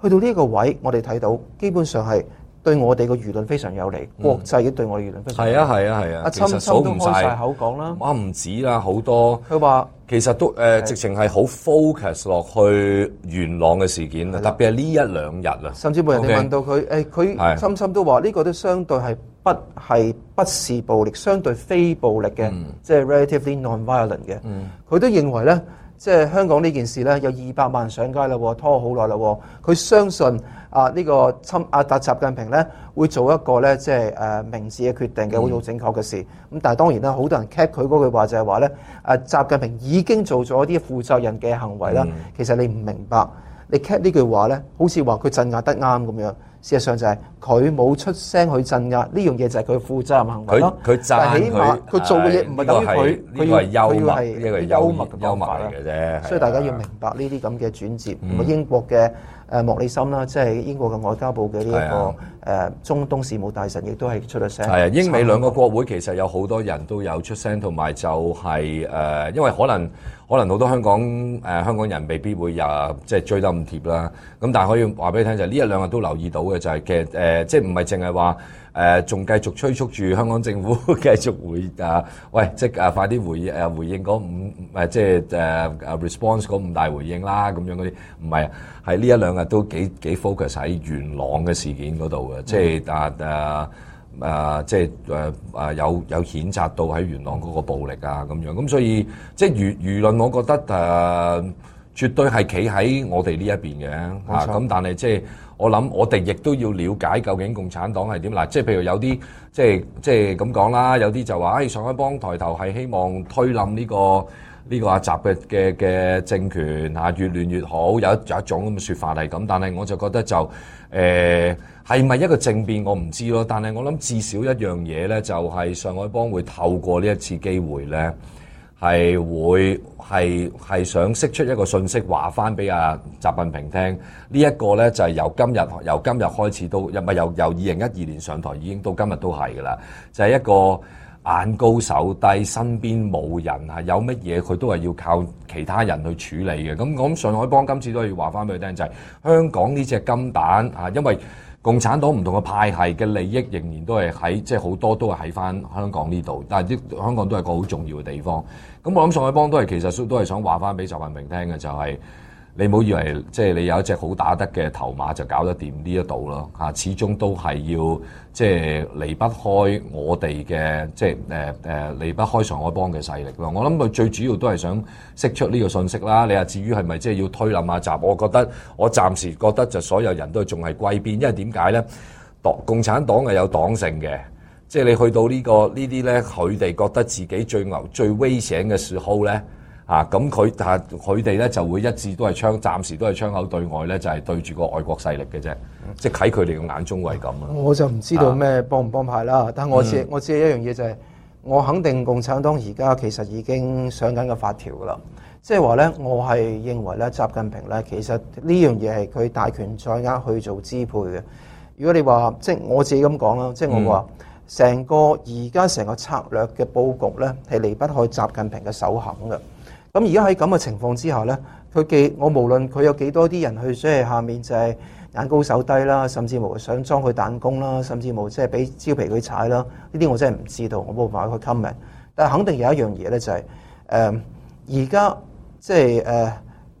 去到呢個個位，我哋睇到基本上係對我哋嘅輿論非常有利，嗯、國際嘅對我哋輿論非常有利，係啊係啊係啊！阿森森都開曬口講啦，啊唔止啦，好多佢話其實都誒、呃啊、直情係好 focus 落去元朗嘅事件，啊、特別係呢一兩日啊，甚至冇人哋問到佢，誒佢深深都話呢個都相對係不係不是暴力，相對非暴力嘅，即、嗯、係、就是、relatively non-violent 嘅，佢、嗯、都認為咧。即係香港呢件事呢，有二百萬人上街啦，拖好耐啦。佢相信啊，呢個侵壓達習近平呢，會做一個呢、就是，即係誒明智嘅決定嘅，會做正確嘅事。咁、嗯、但係當然啦，好多人 cap 佢嗰句話就係話呢，誒、啊、習近平已經做咗啲負責任嘅行為啦。嗯、其實你唔明白，你 cap 呢句話呢，好似話佢鎮壓得啱咁樣。事實上就係佢冇出聲去鎮壓呢樣嘢，這件事就係佢負責任行為咯。佢起碼，佢做嘅嘢唔係等於佢。佢要係，佢要係幽默嘅、這個、幽默嚟嘅啫。所以大家要明白呢啲咁嘅轉折。是，唔係英國嘅誒莫里森啦、嗯，即係英國嘅外交部嘅呢一個。是誒，中東事務大臣亦都係出咗聲，係啊，英美兩個國會其實有好多人都有出聲同埋就係、是、誒、呃、因為可能可能好多香港誒、呃、香港人未必會啊，即係追得咁貼啦。咁但係可以話俾你聽就呢、是、一兩日都留意到嘅就係、是、其實、呃、即係唔係淨係話誒仲繼續催促住香港政府繼續回啊、呃，喂，即係啊，快啲回誒回應嗰五誒即係誒誒 response 嗰五大回應啦，咁樣嗰啲唔係啊，係呢一兩日都幾幾 focus 喺元朗嘅事件嗰度嘅。即、嗯、係啊啊即係誒啊，啊，啊，啊，啊，啊，啊有有譴責到喺元朗嗰個暴力啊咁樣，咁所以即係輿輿論，我覺得誒、啊、絕對係企喺我哋呢一邊嘅。咁、嗯啊、但係即係我諗，我哋亦都要了解究竟共產黨係點？嗱、啊，即係譬如有啲即係即係咁講啦，有啲就話誒上海幫抬頭係希望推冧呢、這個。呢個阿習嘅嘅嘅政權嚇，越亂越好，有有一種咁嘅說法係咁，但係我就覺得就誒係咪一個政變我唔知咯，但係我諗至少一樣嘢咧，就係上海幫會透過呢一次機會咧，係會係係想釋出一個訊息，話翻俾阿習近平聽，呢一個咧就係由今日由今日開始到，唔係由由二零一二年上台已經到今日都係噶啦，就係一個。眼高手低，身邊冇人嚇，有乜嘢佢都係要靠其他人去處理嘅。咁我諗上海幫今次都要話翻俾佢聽，就係、是、香港呢隻金蛋嚇，因為共產黨唔同嘅派系嘅利益仍然都係喺即係好多都係喺翻香港呢度。但係香港都係個好重要嘅地方。咁我諗上海幫都係其實都係想話翻俾習近平聽嘅，就係、是。你唔好以為即係你有一隻好打得嘅頭馬就搞得掂呢一度咯嚇，始終都係要即係離不開我哋嘅即係誒誒離不開上海幫嘅勢力咯。我諗佢最主要都係想釋出呢個信息啦。你話至於係咪即係要推冧阿習？我覺得我暫時覺得就所有人都仲係歸邊，因為點解咧？黨共產黨係有黨性嘅，即係你去到呢個呢個呢啲咧，佢哋覺得自己最牛最威醒嘅時候咧。啊！咁佢但係佢哋咧就會一致都係槍，暫時都係槍口對外咧，就係、是、對住個外國勢力嘅啫、嗯，即係喺佢哋嘅眼中係咁啊。我就唔知道咩幫唔幫派啦，但我知、嗯、我知係一樣嘢就係、是、我肯定共產黨而家其實已經上緊個法條噶啦，即係話咧，我係認為咧，習近平咧其實呢樣嘢係佢大權在握去做支配嘅。如果你話即我自己咁講啦，即係我話成、嗯、個而家成個策略嘅佈局咧係離不開習近平嘅首肯嘅。咁而家喺咁嘅情況之下呢，佢既我，無論佢有幾多啲人去，即係下面就係眼高手低啦，甚至乎想裝佢彈弓啦，甚至乎即係俾蕉皮佢踩啦，呢啲我真係唔知道，我冇辦法去 comment。但係肯定有一樣嘢呢，呃、現在就係而家即係誒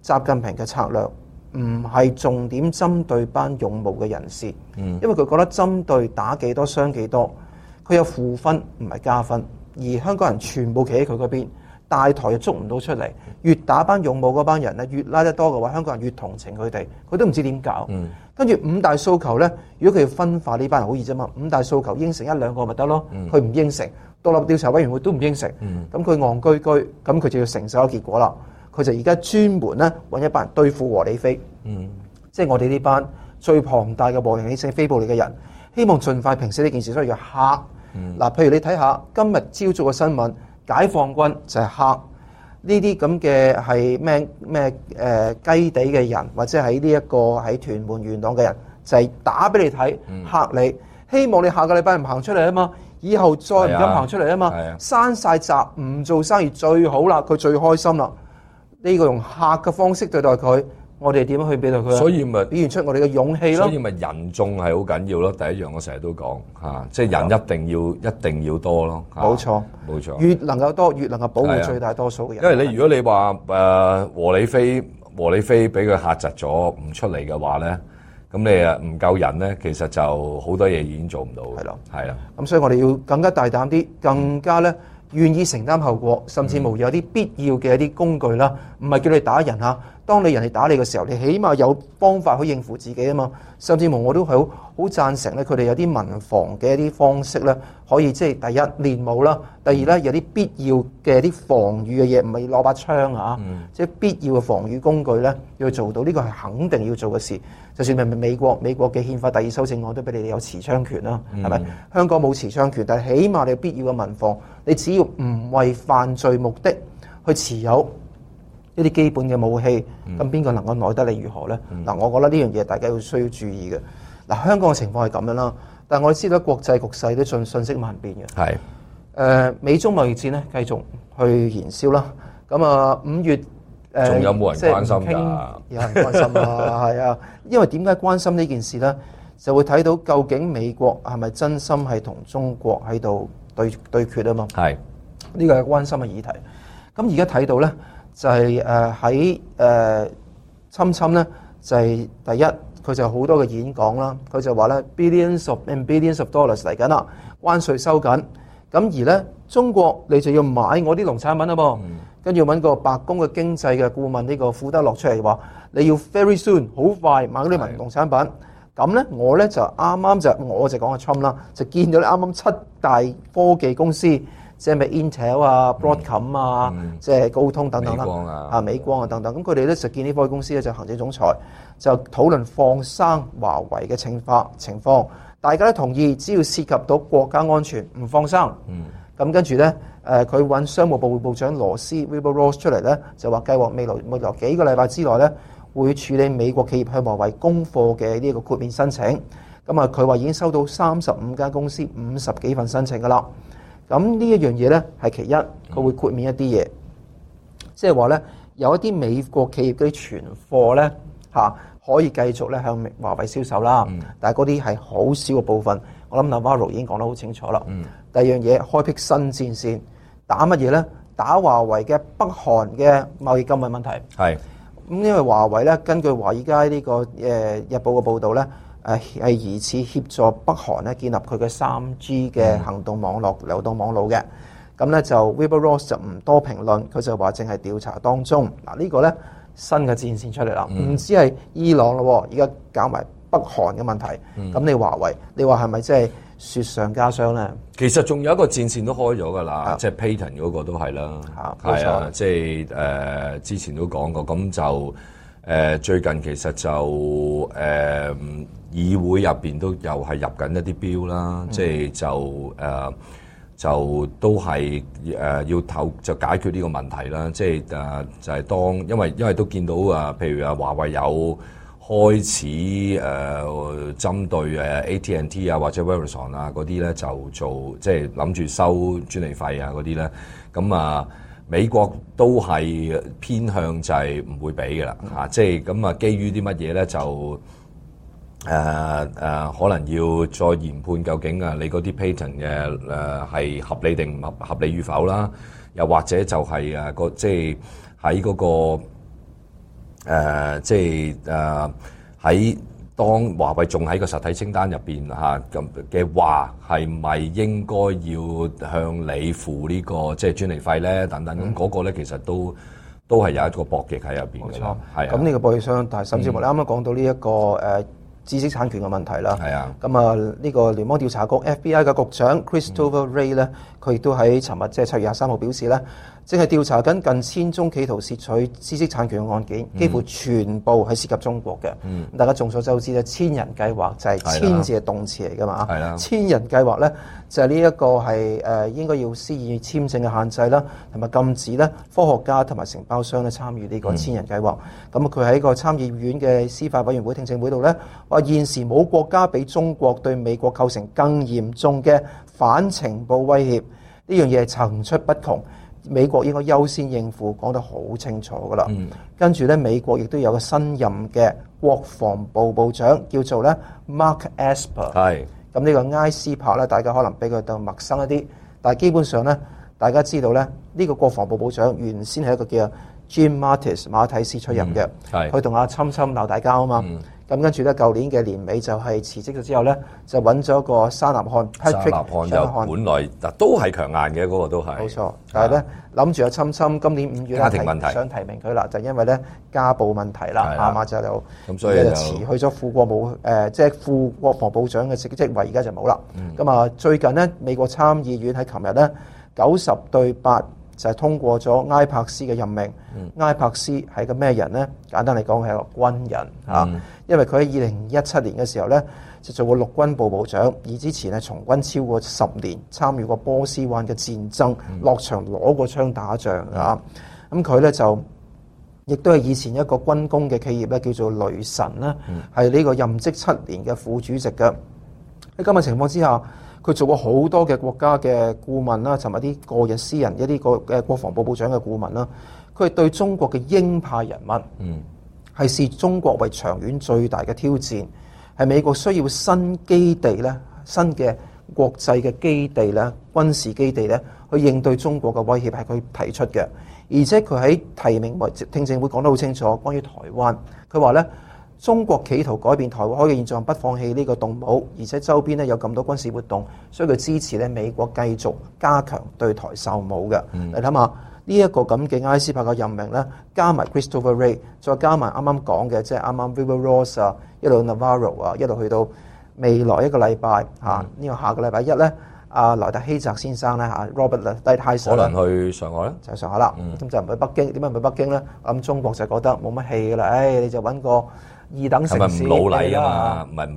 習近平嘅策略唔係重點針對班勇武嘅人士，嗯、因為佢覺得針對打幾多傷幾多，佢有負分唔係加分，而香港人全部企喺佢嗰邊。大台又捉唔到出嚟，越打班勇武嗰班人咧，越拉得多嘅話，香港人越同情佢哋，佢都唔知點搞。跟、嗯、住五大訴求咧，如果佢要分化呢班人好易啫嘛，五大訴求應承一兩個咪得咯，佢、嗯、唔應承，獨立調查委員會都唔應承，咁佢戇居居，咁佢就要承受結果啦。佢就而家專門咧搵一班人對付和理非、嗯，即係我哋呢班最龐大嘅和平理性非暴力嘅人，希望盡快平息呢件事，所以要嚇。嗱、嗯，譬如你睇下今日朝早嘅新聞。解放軍就係嚇呢啲咁嘅係咩咩誒雞地嘅人，或者喺呢一個喺屯門元朗嘅人，就係、是、打俾你睇、嗯、嚇你，希望你下個禮拜唔行出嚟啊嘛，以後再唔敢行出嚟啊嘛，閂晒閘唔做生意最好啦，佢最開心啦，呢、這個用嚇嘅方式對待佢。我哋點樣去俾到佢？所以咪表現出我哋嘅勇氣咯。所以咪人眾係好緊要咯，第一樣我成日都講嚇，即係人一定要、嗯、一定要多咯。冇、嗯、錯，冇、啊、錯。越能夠多，越能夠保護最大多數嘅人。因為你如果你、呃、理非理非話誒和李飛和理非俾佢嚇窒咗唔出嚟嘅話咧，咁你啊唔夠人咧，其實就好多嘢已經做唔到。係咯，係啦。咁所以我哋要更加大膽啲，更加咧願、嗯、意承擔後果，甚至無有啲必要嘅一啲工具啦。嗯嗯唔係叫你打人嚇。當你人哋打你嘅時候，你起碼有方法去應付自己啊嘛。甚至乎我都係好贊成咧，佢哋有啲民防嘅一啲方式咧，可以即係第一練武啦，第二咧有啲必要嘅啲防禦嘅嘢，唔係攞把槍啊、嗯，即係必要嘅防禦工具咧，要做到呢、嗯這個係肯定要做嘅事。就算明明美國美國嘅憲法第二修正案都俾你哋有持槍權啦，係、嗯、咪香港冇持槍權，但係起碼你有必要嘅民防，你只要唔為犯罪目的去持有。呢啲基本嘅武器，咁邊個能夠耐得你如何咧？嗱、嗯，我覺得呢樣嘢大家要需要注意嘅。嗱，香港嘅情況係咁樣啦，但係我哋知道國際局勢都信信息萬變嘅。係誒、呃，美中貿易戰咧繼續去燃燒啦。咁啊，五月誒，仲、呃、有冇人關心㗎？有人關心，關心啊，係 啊，因為點解關心呢件事咧，就會睇到究竟美國係咪真心係同中國喺度對對決啊？嘛係呢個係關心嘅議題。咁而家睇到咧。就係誒喺誒侵侵咧，就、呃、係第一佢就好多嘅演講啦，佢就話咧 billions of and billions of dollars 嚟緊啦，關稅收緊，咁而咧中國你就要買我啲農產品啊，噃、嗯，跟住揾個白宮嘅經濟嘅顧問呢個富德洛出嚟話，你要 very soon 好快買啲農產品，咁咧我咧就啱啱就我就講嘅侵啦，就見到你啱啱七大科技公司。即係咪 Intel 啊、Broadcom 啊、嗯嗯、即係高通等等啦，啊美光啊，美光啊等等，咁佢哋都實見啲科技公司咧，就係、行政總裁就討論放生華為嘅情況情況，大家都同意只要涉及到國家安全唔放生。咁跟住咧，誒佢揾商務部會部長羅斯 Wilbur Ross） 出嚟咧，就話計劃未來未來幾個禮拜之內咧，會處理美國企業向華為供貨嘅呢一個豁免申請。咁啊，佢話已經收到三十五間公司五十幾份申請噶啦。咁呢一樣嘢呢，係其一，佢會豁免一啲嘢，即係話呢，有一啲美國企業嗰啲存貨呢，可以繼續呢向華為銷售啦、嗯，但係嗰啲係好少嘅部分。我諗 Navarro 已經講得好清楚啦、嗯。第二樣嘢開闢新戰線，打乜嘢呢？打華為嘅北韓嘅貿易金嘅問題。係咁，因為華為呢，根據華爾街呢個日報嘅報導呢，誒係疑似協助北韓咧建立佢嘅三 G 嘅行動網絡、嗯、流動網路嘅，咁咧就 Wilbur Ross 就唔多評論，佢就話淨係調查當中。嗱、這個、呢個咧新嘅戰線出嚟啦，唔止係伊朗咯，而家搞埋北韓嘅問題。咁、嗯、你華為，你話係咪即係雪上加霜咧？其實仲有一個戰線都開咗噶啦，即係 patent 嗰個都係啦，係啊，即係誒、啊啊呃、之前都講過，咁就。最近其實就誒議會面入面都又係入緊一啲標啦，即係就誒、是、就，就都係誒要投就解決呢個問題啦，即係誒就係、是、當因為因為都見到啊，譬如啊華為有開始誒針對 AT&T 啊或者 Verizon 啊嗰啲咧就做即係諗住收專利費啊嗰啲咧，咁啊。美國都係偏向就係唔會俾嘅啦，嚇、嗯！即係咁啊，就是、基於啲乜嘢咧就誒誒、啊啊，可能要再研判究竟啊，你嗰啲 patent 嘅誒係、啊、合理定唔合合理與否啦，又或者就係、是、啊、就是在那個即係喺嗰個即係誒喺。啊就是啊在當華為仲喺個實體清單入邊嚇咁嘅話，係咪應該要向你付、這個、專利費呢個即係專利費咧？等等咁嗰、嗯那個咧，其實都都係有一個博弈喺入邊嘅。冇錯，係、啊。咁呢個博弈商，但係甚至乎你啱啱講到呢一個誒知識產權嘅問題啦。係、嗯、啊。咁啊，呢個聯邦調查局 FBI 嘅局長 Christopher Wray 咧。佢亦都喺尋日，即係七月廿三號表示咧，即係調查緊近千宗企圖竊取知識產權嘅案件，幾乎全部係涉及中國嘅。嗯、大家眾所周知咧，千人計劃就係千字嘅動詞嚟㗎嘛。係啊，係啊。千人計劃咧就係呢一個係誒應該要施以簽證嘅限制啦，同埋禁止咧科學家同埋承包商咧參與呢個千人計劃。咁佢喺個參議院嘅司法委員會聽證會度咧話，現時冇國家比中國對美國構成更嚴重嘅反情報威脅。呢樣嘢係層出不窮，美國應該優先應付，講得好清楚㗎喇、嗯。跟住呢，美國亦都有一個新任嘅國防部部長叫做呢 Mark Esper。係，咁呢個埃斯帕呢，大家可能比較陌生一啲，但基本上呢，大家知道呢，呢、呢個國防部部長原先係一個叫 Jim Mattis 馬提斯出任嘅，佢同阿 Trump 鬧大交啊，吵吵吵嘛。嗯。咁跟住咧，舊年嘅年尾就係辭職咗之後咧，就揾咗個沙南漢 Patrick 沙南漢本來嗱都係強硬嘅嗰、嗰個都係冇錯，但係咧諗住阿侵侵今年五月提問題想提名佢啦，就因為咧家暴問題啦，啱啱就有咁所以就辭去咗副國務即係副國防部長嘅職職位，而家就冇啦。咁啊最近呢，美國參議院喺琴日咧九十對八。就係、是、通過咗埃柏斯嘅任命、嗯。埃柏斯係個咩人呢？簡單嚟講係一個軍人嚇、嗯，因為佢喺二零一七年嘅時候呢，就做過陸軍部部長，而之前咧從軍超過十年，參與過波斯灣嘅戰爭，嗯、落場攞過槍打仗嚇。咁、嗯、佢呢，就亦都係以前一個軍工嘅企業咧，叫做雷神呢係呢個任職七年嘅副主席嘅。喺咁嘅情況之下。佢做過好多嘅國家嘅顧問啦，同埋啲個人、私人一啲國嘅國防部部長嘅顧問啦，佢係對中國嘅鷹派人物，係、嗯、視中國為長遠最大嘅挑戰，係美國需要新基地咧、新嘅國際嘅基地咧、軍事基地咧去應對中國嘅威脅，係佢提出嘅，而且佢喺提名為聽證會講得好清楚，關於台灣，佢話咧。，中國企圖改變台海嘅現狀，不放棄呢個動武，而且周邊呢有咁多軍事活動，所以佢支持美國繼續加強對台售武嘅。你睇下呢一個咁嘅埃斯帕嘅任命咧，加埋 Christopher Wray，再加埋啱啱講嘅即係啱啱 Wilbur Ross 啊，一路二等城市啦，唔係唔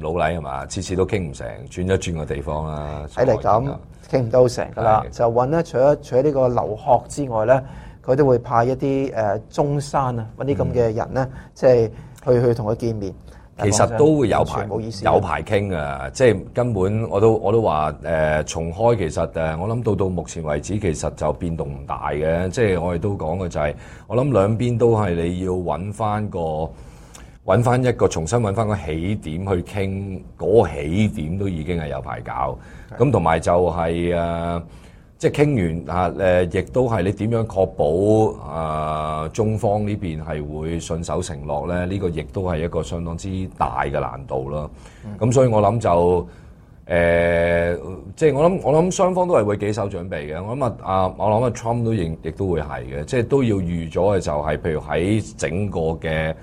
老禮吖嘛？次次都傾唔成，轉一轉個地方啦。睇嚟咁傾唔到成㗎啦，就揾咧，除咗除咗呢個劉鶴之外咧，佢都會派一啲中山啊，揾啲咁嘅人咧，即係去去同佢見面。嗯、其實都會有排冇意思，有排傾啊！即係根本我都我都話、呃、重開，其實我諗到到目前為止，其實就變動唔大嘅。即係我哋都講嘅就係，我諗兩邊都係你要揾翻個。揾翻一個重新揾翻個起點去傾，嗰、那個起點都已經係有排搞。咁同埋就係即係傾完啊亦、啊、都係你點樣確保啊中方呢邊係會信守承諾咧？呢、這個亦都係一個相當之大嘅難度囉。咁所以我諗就即係、啊就是、我諗我諗雙方都係會幾手準備嘅。我諗啊啊，我諗阿 Trump 都亦都會係嘅，即、就、係、是、都要預咗嘅就係、是，譬如喺整個嘅。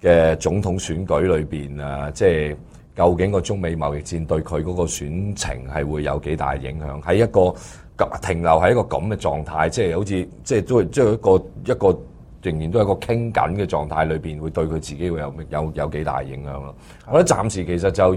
嘅總統選舉裏面，啊，即係究竟個中美貿易戰對佢嗰個選情係會有幾大影響？喺一個咁停留喺一個咁嘅狀態，即係好似即係都係即係一個一個仍然都係一個傾緊嘅狀態裏面，會對佢自己會有有有幾大影響咯？我覺得暫時其實就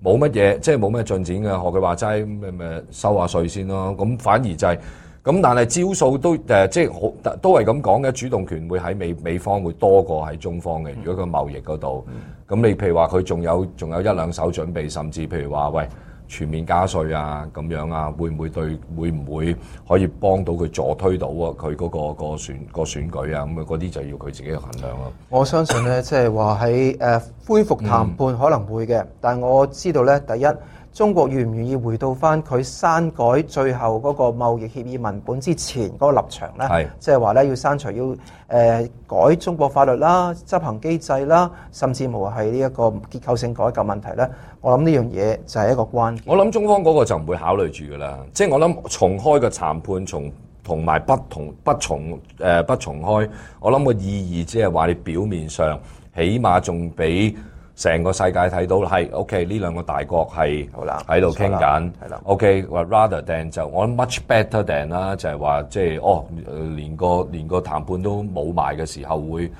冇乜嘢，即係冇咩進展嘅。學佢話齋咁咪收下稅先咯。咁反而就係。咁但係招數都誒即係好都係咁講嘅，主動權會喺美美方會多過喺中方嘅。如果佢貿易嗰度，咁你譬如話佢仲有仲有一兩手準備，甚至譬如話喂全面加稅啊咁樣啊，會唔會對會唔會可以幫到佢助推到啊佢嗰個、個選、個選舉啊咁啊？嗰啲就要佢自己去衡量咯。我相信咧，即係話喺誒恢復談判可能會嘅，嗯、但我知道咧，第一。中國願唔願意回到翻佢刪改最後嗰個貿易協議文本之前嗰個立場呢？係即係話呢，要刪除要誒改中國法律啦、執行機制啦，甚至無係呢一個結構性改革問題呢。我諗呢樣嘢就係一個關鍵。我諗中方嗰個就唔會考慮住噶啦。即係我諗重開個談判，從同埋不同不從誒不，不重開，我諗個意義只係話你表面上起碼仲比。成個世界睇到係，OK 呢兩個大國係喺度傾緊，OK 話 rather than 就我 much better than 啦，就係話即係哦，連個連個談判都冇埋嘅時候會。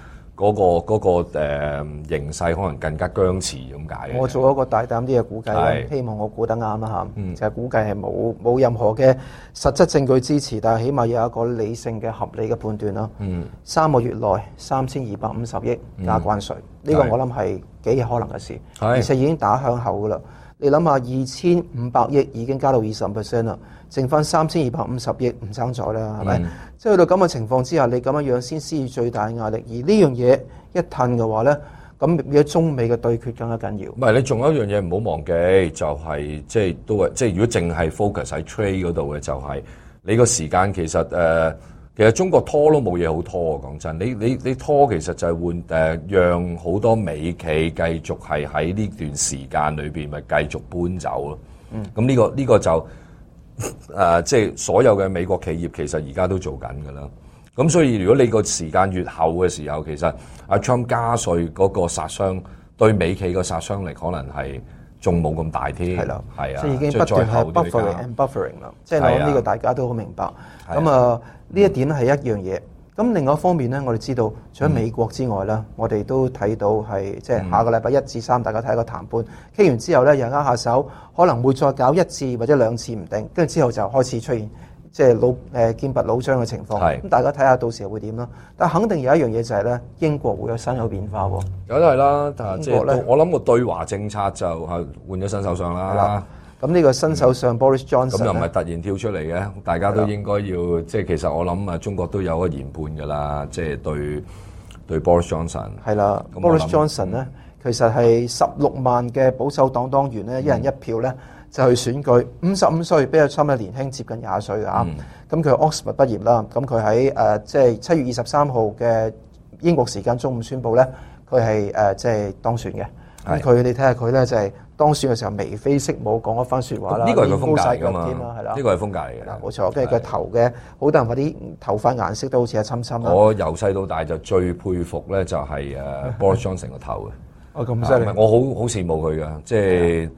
嗰、那個嗰、那個呃、形勢可能更加僵持咁解。我做了一個大膽啲嘅估計，希望我估得啱啦嚇。就係、是、估計係冇冇任何嘅實質證據支持，但係起碼有一個理性嘅合理嘅判斷啦、嗯。三個月內三千二百五十億加關稅，呢、嗯這個我諗係幾可能嘅事，其實已經打響口噶啦。你諗下，二千五百億已經加到二十 percent 啦，剩翻三千二百五十億唔爭咗啦，係咪？即、嗯、係去到咁嘅情況之下，你咁樣樣先施以最大壓力，而呢樣嘢一褪嘅話咧，咁比中美嘅對決更加緊要。唔係，你仲有一樣嘢唔好忘記，就係、是、即係都係即係如果淨係 focus 喺 trade 嗰度嘅，就係、是、你個時間其實誒。呃其實中國拖都冇嘢好拖，講真，你你你拖其實就係換讓好多美企繼續係喺呢段時間裏面咪繼續搬走咯。咁、嗯、呢、這個呢、這個就誒，即、呃、係、就是、所有嘅美國企業其實而家都在做緊噶啦。咁所以如果你個時間越後嘅時候，其實阿昌加稅嗰個殺傷對美企嘅殺傷力可能係。仲冇咁大啲，係啦，係啊，即係已經不斷係 buffering and buffering 啦。即係、就是、我諗呢個大家都好明白。咁啊，呢一點係一樣嘢。咁另外一方面咧、嗯，我哋知道，除咗美國之外啦，我哋都睇到係即係下個禮拜一至三，大家睇個談判。傾完之後咧，又握下手，可能會再搞一次或者兩次唔定。跟住之後就開始出現。即、就、係、是、老誒劍拔弩張嘅情況，咁大家睇下到時會點咯。但肯定有一樣嘢就係咧，英國會有新嘅變化喎。咁係啦，但係英國咧、就是，我諗個對華政策就係換咗新首相啦。咁呢個新首相 Boris Johnson 咁、嗯、又唔係突然跳出嚟嘅、嗯，大家都應該要是即係其實我諗啊，中國都有一個研判㗎啦，即、就、係、是、對對 Boris Johnson 係啦，Boris Johnson 咧其實係十六萬嘅保守黨黨員咧、嗯，一人一票咧。就去選舉，五十五歲，比特朗普年輕，接近廿歲嘅。咁佢 Oxford 畢業啦，咁佢喺誒即係七月二十三號嘅英國時間中午宣佈咧，佢係誒即係當選嘅。咁佢你睇下佢咧就係、是、當選嘅時候眉飛色舞講一番説話啦。呢個係個風格嚟㗎嘛，呢個係風格嚟㗎，冇錯。跟住佢頭嘅好多人話啲頭髮顏色都好似特朗普。我由細到大就最佩服咧就係誒 Boris Johnson 個頭嘅，啊咁犀利！我好好羨慕佢㗎，即係。就是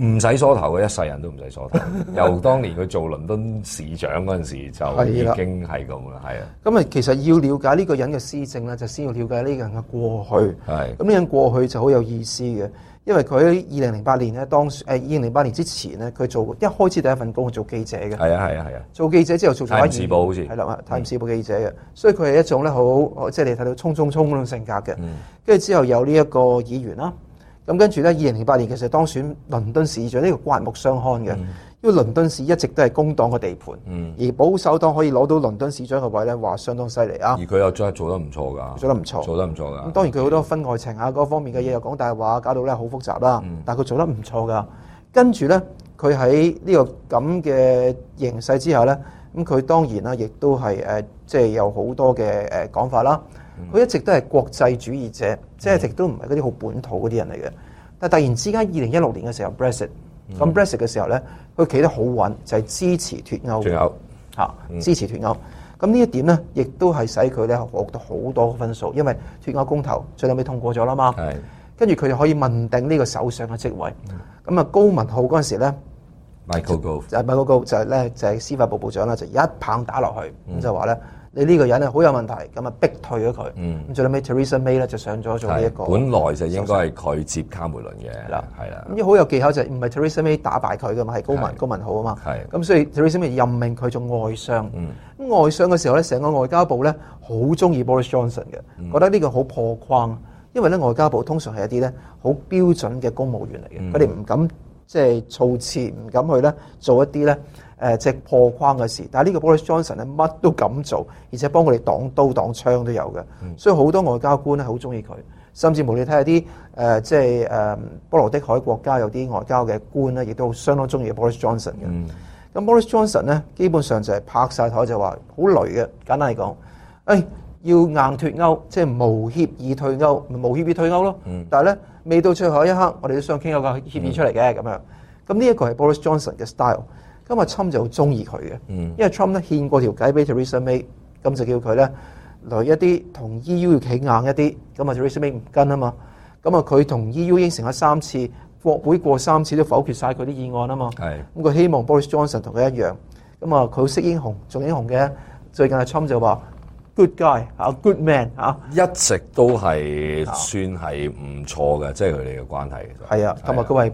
唔使梳頭嘅一世人，都唔使梳頭。梳頭 由當年佢做倫敦市長嗰陣時就已經係咁啦，係啊。咁啊，其實要了解呢個人嘅施政咧，就先要了解呢個人嘅過去。係。咁呢個人過去就好有意思嘅，因為佢喺二零零八年咧，當誒二零零八年之前咧，佢做一開始第一份工係做記者嘅。係啊，係啊，係啊。做記者之後做咗《泰晤士報》好似係啦，《泰晤士報》記者嘅，所以佢係一種咧好即係你睇到沖沖沖咁種性格嘅。跟住，嗯、之後有呢一個議員啦。咁跟住咧，二零零八年其實當選倫敦市長呢個刮目相看嘅、嗯，因為倫敦市一直都係工黨嘅地盤、嗯，而保守黨可以攞到倫敦市長嘅位咧，話相當犀利啊！而佢又真係做得唔錯㗎，做得唔錯，做得唔錯㗎。咁當然佢好多婚外情啊嗰方面嘅嘢又講大話，搞到咧好複雜啦、嗯。但係佢做得唔錯㗎。跟住咧，佢喺呢這個咁嘅形勢之下咧，咁佢當然啦，亦都係誒即係有好多嘅誒講法啦。佢一直都係國際主義者，即係一直都唔係嗰啲好本土嗰啲人嚟嘅。但係突然之間，二零一六年嘅時候，Brexit，咁 Brexit 嘅時候咧，佢企得好穩，就係、是、支持脫歐。仲有嚇，支持脫歐。咁呢一點咧，亦都係使佢咧獲得好多分數，因為脫歐公投最尾通過咗啦嘛。係。跟住佢就可以問定呢個首相嘅職位。咁、嗯、啊，高文浩嗰陣時咧，Michael Gove，就係 Michael Gove 就係咧就係司法部部長啦，就一棒打落去，嗯、就話咧。你呢個人啊，好有問題，咁啊逼退咗佢。嗯，咁最後尾 Teresa May 咧就上咗做呢一個。本來就應該係佢接卡梅倫嘅。係啦，係啦。咁好有技巧就係唔係 Teresa May 打敗佢噶嘛，係高文高文好啊嘛。係。咁所以 Teresa May 任命佢做外相。嗯。咁外相嘅時候咧，成個外交部咧好中意 Boris Johnson 嘅、嗯，覺得呢個好破框。因為咧外交部通常係一啲咧好標準嘅公務員嚟嘅，佢哋唔敢即係措辭，唔、就是、敢去咧做一啲咧。誒，即係破框嘅事。但係呢個 Boris Johnson 咧，乜都敢做，而且幫佢哋擋刀、擋槍都有嘅、嗯。所以好多外交官咧，好中意佢。甚至乎你睇下啲誒，即係誒波羅的海國家有啲外交嘅官咧，亦都相當中意 Boris Johnson 嘅。咁、嗯、Boris Johnson 咧，基本上就係拍晒台就話好雷嘅。簡單嚟講，誒、哎、要硬脫歐，即、就、係、是、無協議脫歐，無協議脫歐咯。嗯、但係咧，未到最後一刻，我哋都想傾一個協議出嚟嘅咁樣。咁呢一個係 Boris Johnson 嘅 style。今日 Trump 就好中意佢嘅，因為 Trump 咧獻過條計俾 Theresa May，咁就叫佢咧來一啲同 EU 要企硬一啲，咁啊 Theresa May 唔跟啊嘛，咁啊佢同 EU 應承咗三次，國會過三次都否決晒佢啲議案啊嘛，咁佢希望 Boris Johnson 同佢一樣，咁啊佢好識英雄，做英雄嘅。最近阿 Trump 就話。Good guy，啊，good man，啊，一直都係算係唔錯嘅，即係佢哋嘅關係嘅。係啊，同埋佢係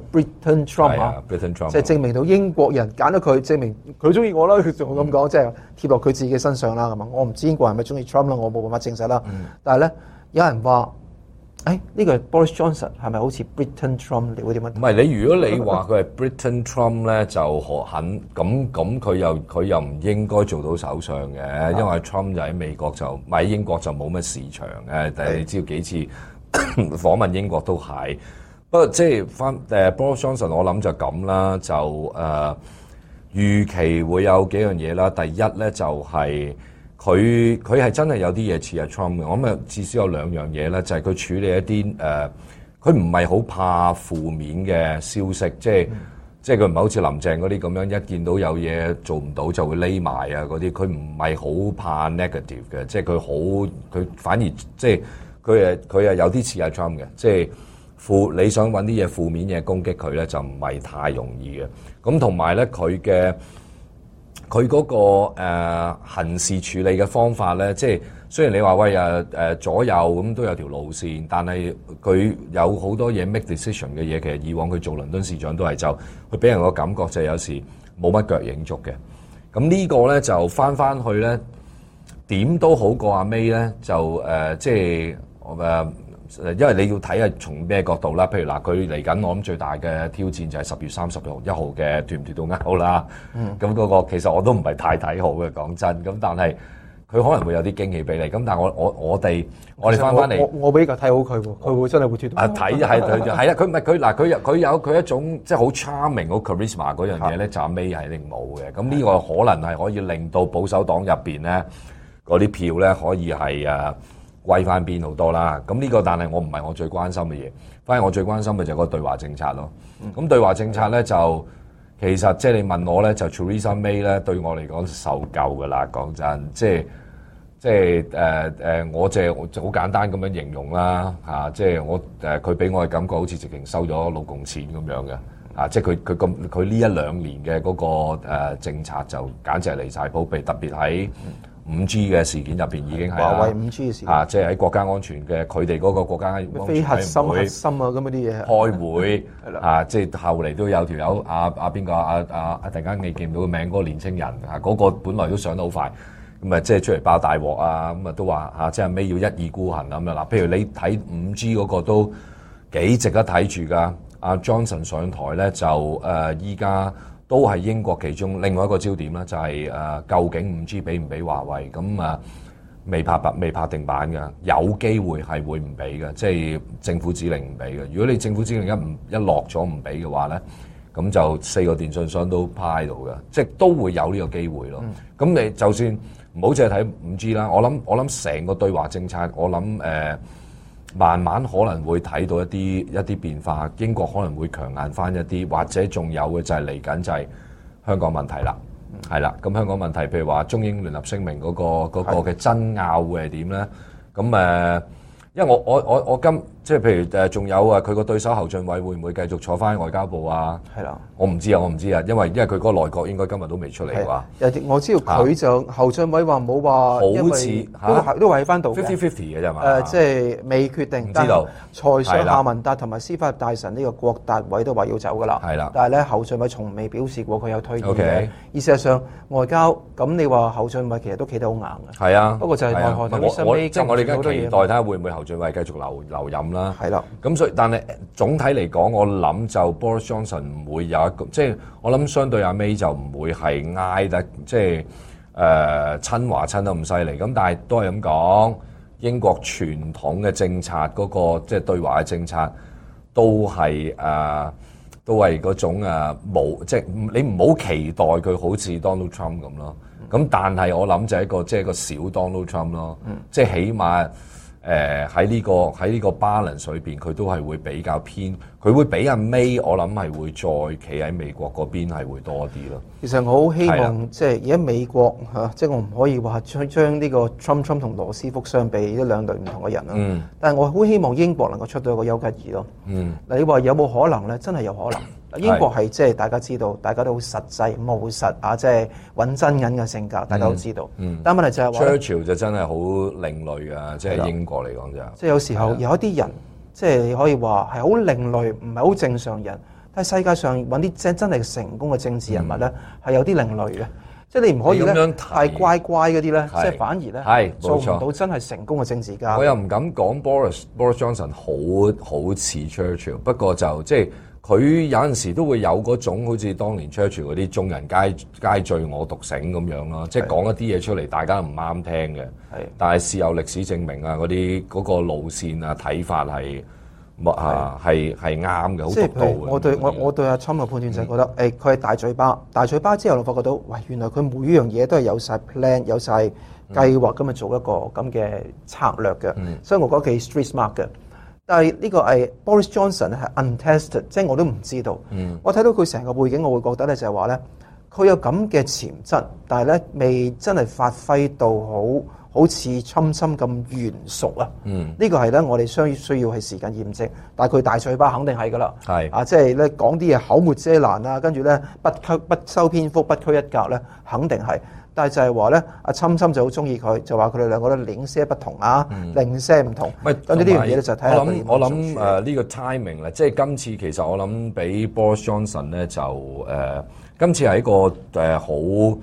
Britain Trump 啊，Britain Trump，即係證明到英國人揀咗佢，證明佢中意我啦。佢仲會咁講，即係貼落佢自己身上啦。咁啊，我唔知英國人係咪中意 Trump 啦，我冇辦法證實啦。但係咧，有人話。誒、哎、呢、這個係 Boris Johnson 係咪好似 Britain Trump 嗰啲乜？唔係你是如果你話佢係 Britain Trump 咧，就何肯。咁咁佢又佢又唔應該做到首相嘅，因為 Trump 就喺美國就喺英國就冇乜市場嘅。但係你知道幾次訪 問英國都係，不過即係翻 Boris Johnson，我諗就咁啦，就預、呃、期會有幾樣嘢啦。第一咧就係、是。佢佢係真係有啲嘢似阿 Trump 嘅，我諗啊，至少有兩樣嘢咧，就係佢處理一啲誒，佢唔係好怕負面嘅消息，即係即係佢唔係好似林鄭嗰啲咁樣，一見到有嘢做唔到就會匿埋啊嗰啲，佢唔係好怕 negative 嘅，即係佢好佢反而即係佢係佢誒有啲似阿 Trump 嘅，即係負你想搵啲嘢負面嘢攻擊佢咧，就唔係太容易嘅。咁同埋咧，佢嘅。佢嗰、那個、呃、行事處理嘅方法咧，即係雖然你話喂誒誒、呃、左右咁都有條路線，但係佢有好多嘢 make decision 嘅嘢，其實以往佢做倫敦市長都係就佢俾人個感覺就係有時冇乜腳影足嘅。咁呢個咧就返返去咧，點都好過阿 May 咧就誒、呃、即係誒。呃因為你要睇係從咩角度啦？譬如嗱，佢嚟緊，我諗最大嘅挑戰就係十月三十號一號嘅脫唔脫到歐啦。咁嗰、嗯嗰個其實我都唔係太睇好嘅，講真。咁但係佢可能會有啲驚喜俾你。咁但係我我我哋我哋翻翻嚟，我比較睇好佢，佢會真係會脫到，睇係佢就佢唔係佢嗱佢佢有佢一種即係好 charming 好 charisma 嗰樣嘢咧，暫尾係定冇嘅。咁呢個可能係可以令到保守黨入邊咧嗰啲票咧可以係歸翻邊好多啦，咁呢個但係我唔係我最關心嘅嘢，反而我最關心嘅就係個對華政策咯。咁、嗯、對華政策咧就其實即係你問我咧，就 Theresa May 咧對我嚟講受夠㗎啦，講真，即係即係誒誒，我就就好簡單咁樣形容啦嚇，即係我誒佢俾我嘅感覺好似直情收咗老共錢咁樣嘅，啊，即係佢佢咁佢呢一兩年嘅嗰、那個、呃、政策就簡直係離晒譜，特別喺，嗯五 G 嘅事件入面已經係華為五 G 嘅事件啊！即係喺國家安全嘅佢哋嗰個國家會會會非核心核心啊咁嗰啲嘢開會啊！即、就、係、是、後嚟都有條友啊啊邊個啊啊啊突然間未見到個名嗰、那個年青人啊嗰、這個本來都上得好快咁啊,、嗯嗯、啊,啊！即係出嚟爆大鑊啊！咁啊都話啊！即係尾要一意孤行咁啊嗱！譬如你睇五 G 嗰個都幾值得睇住噶阿 Johnson 上台咧就誒依家。啊都係英國其中另外一個焦點啦，就係誒究竟五 G 俾唔俾華為咁啊？未拍白未拍定版嘅，有機會係會唔俾嘅，即係政府指令唔俾嘅。如果你政府指令一唔一落咗唔俾嘅話咧，咁就四個電信商都派到嘅，即係都會有呢個機會咯。咁你就算唔好淨係睇五 G 啦，我諗我諗成個對華政策，我諗誒。呃慢慢可能會睇到一啲一啲變化，英國可能會強硬翻一啲，或者仲有嘅就係嚟緊就係香港問題啦，係、嗯、啦，咁香港問題譬如話中英聯合聲明嗰個嗰個嘅爭拗會係點咧？咁誒，因為我我我我今即係譬如誒，仲有啊，佢個對手侯俊偉會唔會繼續坐翻外交部啊？係啦。我唔知啊，我唔知啊，因為因為佢嗰個內閣應該今日都未出嚟，我知道佢就、啊、侯俊偉話冇話，好似、啊、都都維喺翻度 fifty-fifty 嘅啫嘛。即係、啊啊就是、未決定。唔知道。財相夏文達同埋司法大臣呢個郭達偉都話要走㗎啦。係啦。但係咧，侯俊偉從未表示過佢有退意、okay。而事實上，外交咁你話侯俊偉其實都企得好硬啊。不過就係外殼，好多即係我哋而家期待睇下會唔會侯俊偉繼續留留任啦。係啦，咁所以但係總體嚟講，我諗就 Boris Johnson 唔會有一個，即係我諗相對阿 May 就唔會係嗌得即係誒親華親得唔犀利。咁但係都係咁講，英國傳統嘅政策嗰個即係對華嘅政策都係誒，都係嗰種誒冇，即係你唔好期待佢好似 Donald Trump 咁咯。咁，嗯，但係我諗就係一個即係個小 Donald Trump 咯，嗯，即係起碼。誒喺呢個喺呢個巴倫水邊，佢都係會比較偏，佢會比阿 May 我諗係會再企喺美國嗰邊係會多啲咯。其實我好希望是即係而家美國嚇，即係我唔可以話將將呢個 Trump Trump 同羅斯福相比，呢兩類唔同嘅人啦。嗯。但係我好希望英國能夠出到一個丘吉爾咯。嗯。嗱，你話有冇可能咧？真係有可能。 英國係即係大家知道，大家都好實際務實啊！即係揾真銀嘅性格，大家都知道。嗯嗯、但問題就係話 Churchill 就真係好另類㗎，即、就、係、是、英國嚟講就即、是、係有時候有一啲人即係、就是、你可以話係好另類，唔係好正常人。但係世界上揾啲真真係成功嘅政治人物咧，係、嗯、有啲另類嘅。即、就、係、是、你唔可以咧樣太乖乖嗰啲咧，即係、就是、反而咧係做唔到真係成功嘅政治家。我又唔敢講 Boris Boris Johnson 好好似 Churchill，不過就即係。就是佢有陣時都會有嗰種好似當年 Church 嗰啲眾人皆皆醉我獨醒咁樣咯，即係講一啲嘢出嚟，大家唔啱聽嘅。係，但係是事有歷史證明啊，嗰啲嗰個路線啊、睇法係啊係係啱嘅，好獨到。即係我對我我對阿侵嘅判斷就係覺得，誒佢係大嘴巴，大嘴巴之後我發覺到，喂原來佢每樣嘢都係有晒 plan、有曬計劃咁日、嗯、做一個咁嘅策略嘅、嗯，所以我覺得幾 street smart 嘅。但係呢個係 Boris Johnson 咧係 untested，即係我都唔知道。我睇到佢成個背景，我會覺得咧就係話咧佢有咁嘅潛質，但係咧未真係發揮到好好似侵侵咁圓熟啊。呢個係咧我哋需要需要係時間驗證，但係佢大嘴巴肯定係㗎喇，係啊，即係咧講啲嘢口沒遮攔啊，跟住咧不不修邊幅、不拘一格咧，肯定係。但就係話咧，阿親深就好中意佢，就話佢哋兩個都零舍不同啊，零舍唔同。咁呢啲嘢就睇下。他我諗，我諗誒呢個 timing 咧，即係今次其實我諗俾 Boris Johnson 咧就誒、呃，今次係一個誒、呃、好誒、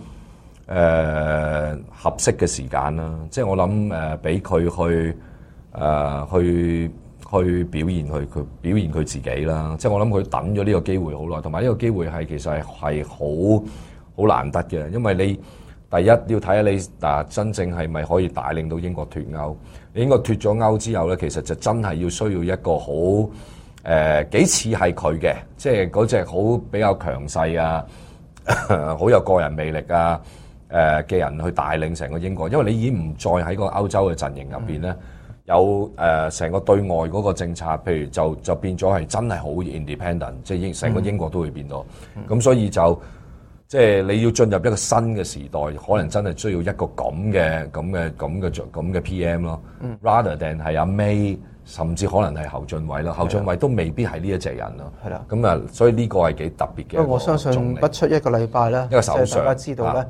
呃、合適嘅時間啦。即係我諗誒，俾、呃、佢去誒、呃、去去表現佢佢表現佢自己啦。即係我諗佢等咗呢個機會好耐，同埋呢個機會係其實係好好難得嘅，因為你。第一，要睇下你真正係咪可以帶領到英國脫歐，你英國脫咗歐之後咧，其實就真係要需要一個好誒、呃、幾似係佢嘅，即係嗰隻好比較強勢啊，好有個人魅力啊嘅、呃、人去帶領成個英國，因為你已經唔再喺個歐洲嘅陣營入邊咧、嗯，有誒成、呃、個對外嗰個政策，譬如就就變咗係真係好 independent，即係英成個英國都會變咗，咁、嗯、所以就。即、就、係、是、你要進入一個新嘅時代，可能真係需要一個咁嘅咁嘅咁嘅咁嘅 P.M. 咯、嗯。Rather than 係阿 May，甚至可能係侯俊偉咯、嗯。侯俊偉都未必係呢一隻人咯。係、嗯、啦。咁啊，所以呢個係幾特別嘅。不過我相信不出一個禮拜啦，即係、就是、大家知道咧、啊，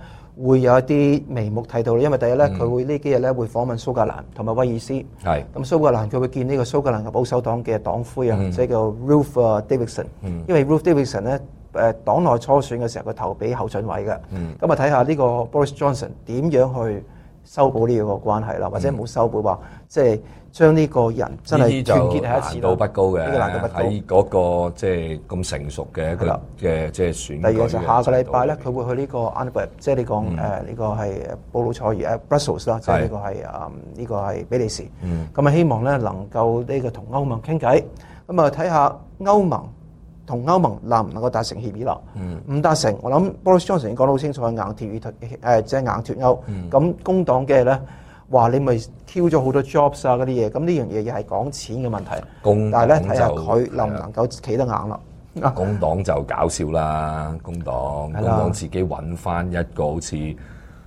會有一啲眉目睇到。因為第一咧，佢、嗯、會幾呢幾日咧會訪問蘇格蘭同埋威爾斯。係。咁蘇格蘭佢會見呢個蘇格蘭嘅保守黨嘅黨魁啊、嗯，即係叫 Ruth Davidson、嗯。因為 Ruth Davidson 咧。誒黨內初選嘅時候，佢投俾侯俊偉嘅。嗯。咁啊，睇下呢個 Boris Johnson 點樣去修補呢個關係啦、嗯，或者唔好修補話，即、就、係、是、將呢個人真係團結一次難度不高嘅。呢、這個難度不高。嗰、那個即係咁成熟嘅嘅即係選第二就下個禮拜咧，佢會去呢個安、這個嗯這個、布，即係你講誒呢、啊這個係布魯塞爾 Brussels 啦，即係呢個係啊呢個係比利時。嗯。咁啊，希望咧能夠呢個同歐盟傾偈，咁啊睇下歐盟。同歐盟能唔能夠達成協議咯？唔、嗯、達成，我諗 Boris Johnson 講得好清楚，硬脫與脫，誒即係硬脫歐。咁、嗯、工黨嘅咧話你咪挑咗好多 jobs 啊嗰啲嘢，咁呢樣嘢又係講錢嘅問題。工但係咧，睇下佢能唔能夠企得硬咯？工黨就搞笑啦，工黨，工黨自己揾翻一個好似。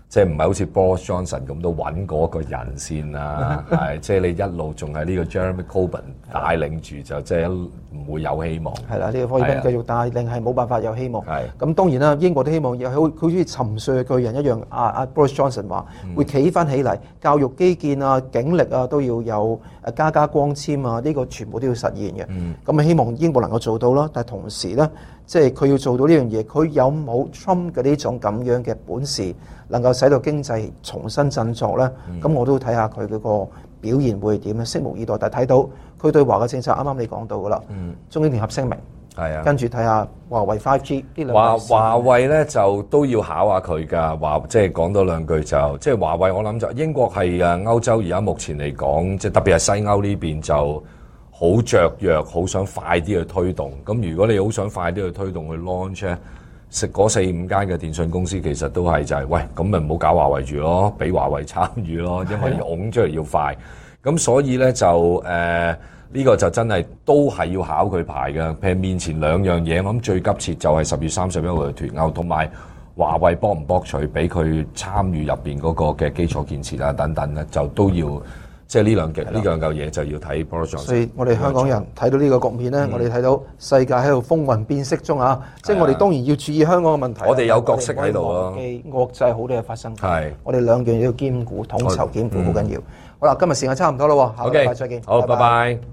即係唔係好似 Boris Johnson 咁都揾嗰個人先啊？ 係即係你一路仲係呢個 Jeremy Corbyn 帶領住 就即係唔會有希望。係啦，呢、個 Corbyn 繼續帶領係冇辦法有希望。咁當然啦，英國都希望又好好似沉睡嘅巨人一樣。阿阿 Boris Johnson 話、嗯、會企翻起嚟，教育基建啊、警力啊都要有誒加加光纖啊，呢、個全部都要實現嘅。咁、嗯、咪希望英國能夠做到啦。但係同時咧。即係佢要做到呢樣嘢，佢有冇 Trump 嘅呢種咁樣嘅本事，能夠使到經濟重新振作咧？咁、嗯、我都睇下佢嗰個表現會點樣咧，拭目以待。但係睇到佢對華嘅政策，啱啱你講到噶啦，嗯，中英聯合聲明，係啊，跟住睇下華為 Five G 呢兩，華華為咧就都要考下佢噶，話即係講多兩句就，即係華為，我諗就英國係啊，歐洲而家目前嚟講，即係特別係西歐呢邊就。好雀躍，好想快啲去推動。咁如果你好想快啲去推動去 launch 咧，食嗰四五間嘅電信公司其實都係就係、是、喂，咁咪唔好搞華為住咯，俾華為參與咯，因為你拱出嚟要快。咁所以咧就誒呢、呃這個就真係都係要考佢牌嘅。譬如面前兩樣嘢，我諗最急切就係十月三十一號嘅脫歐，同埋華為博唔博取俾佢參與入面嗰個嘅基礎建設啊等等咧，就都要。即係呢兩極呢兩嚿嘢就要睇。所以，我哋香港人睇到呢個局面咧、嗯，我哋睇到世界喺度風雲變色中啊！即係我哋當然要注意香港嘅問題。我哋有角色喺度啊，國際好多嘢發生。我哋兩樣要兼顧、嗯，統籌兼顧好緊要。嗯、好啦，今日時間差唔多啦，下 okay，禮拜再見。好，拜拜。拜拜。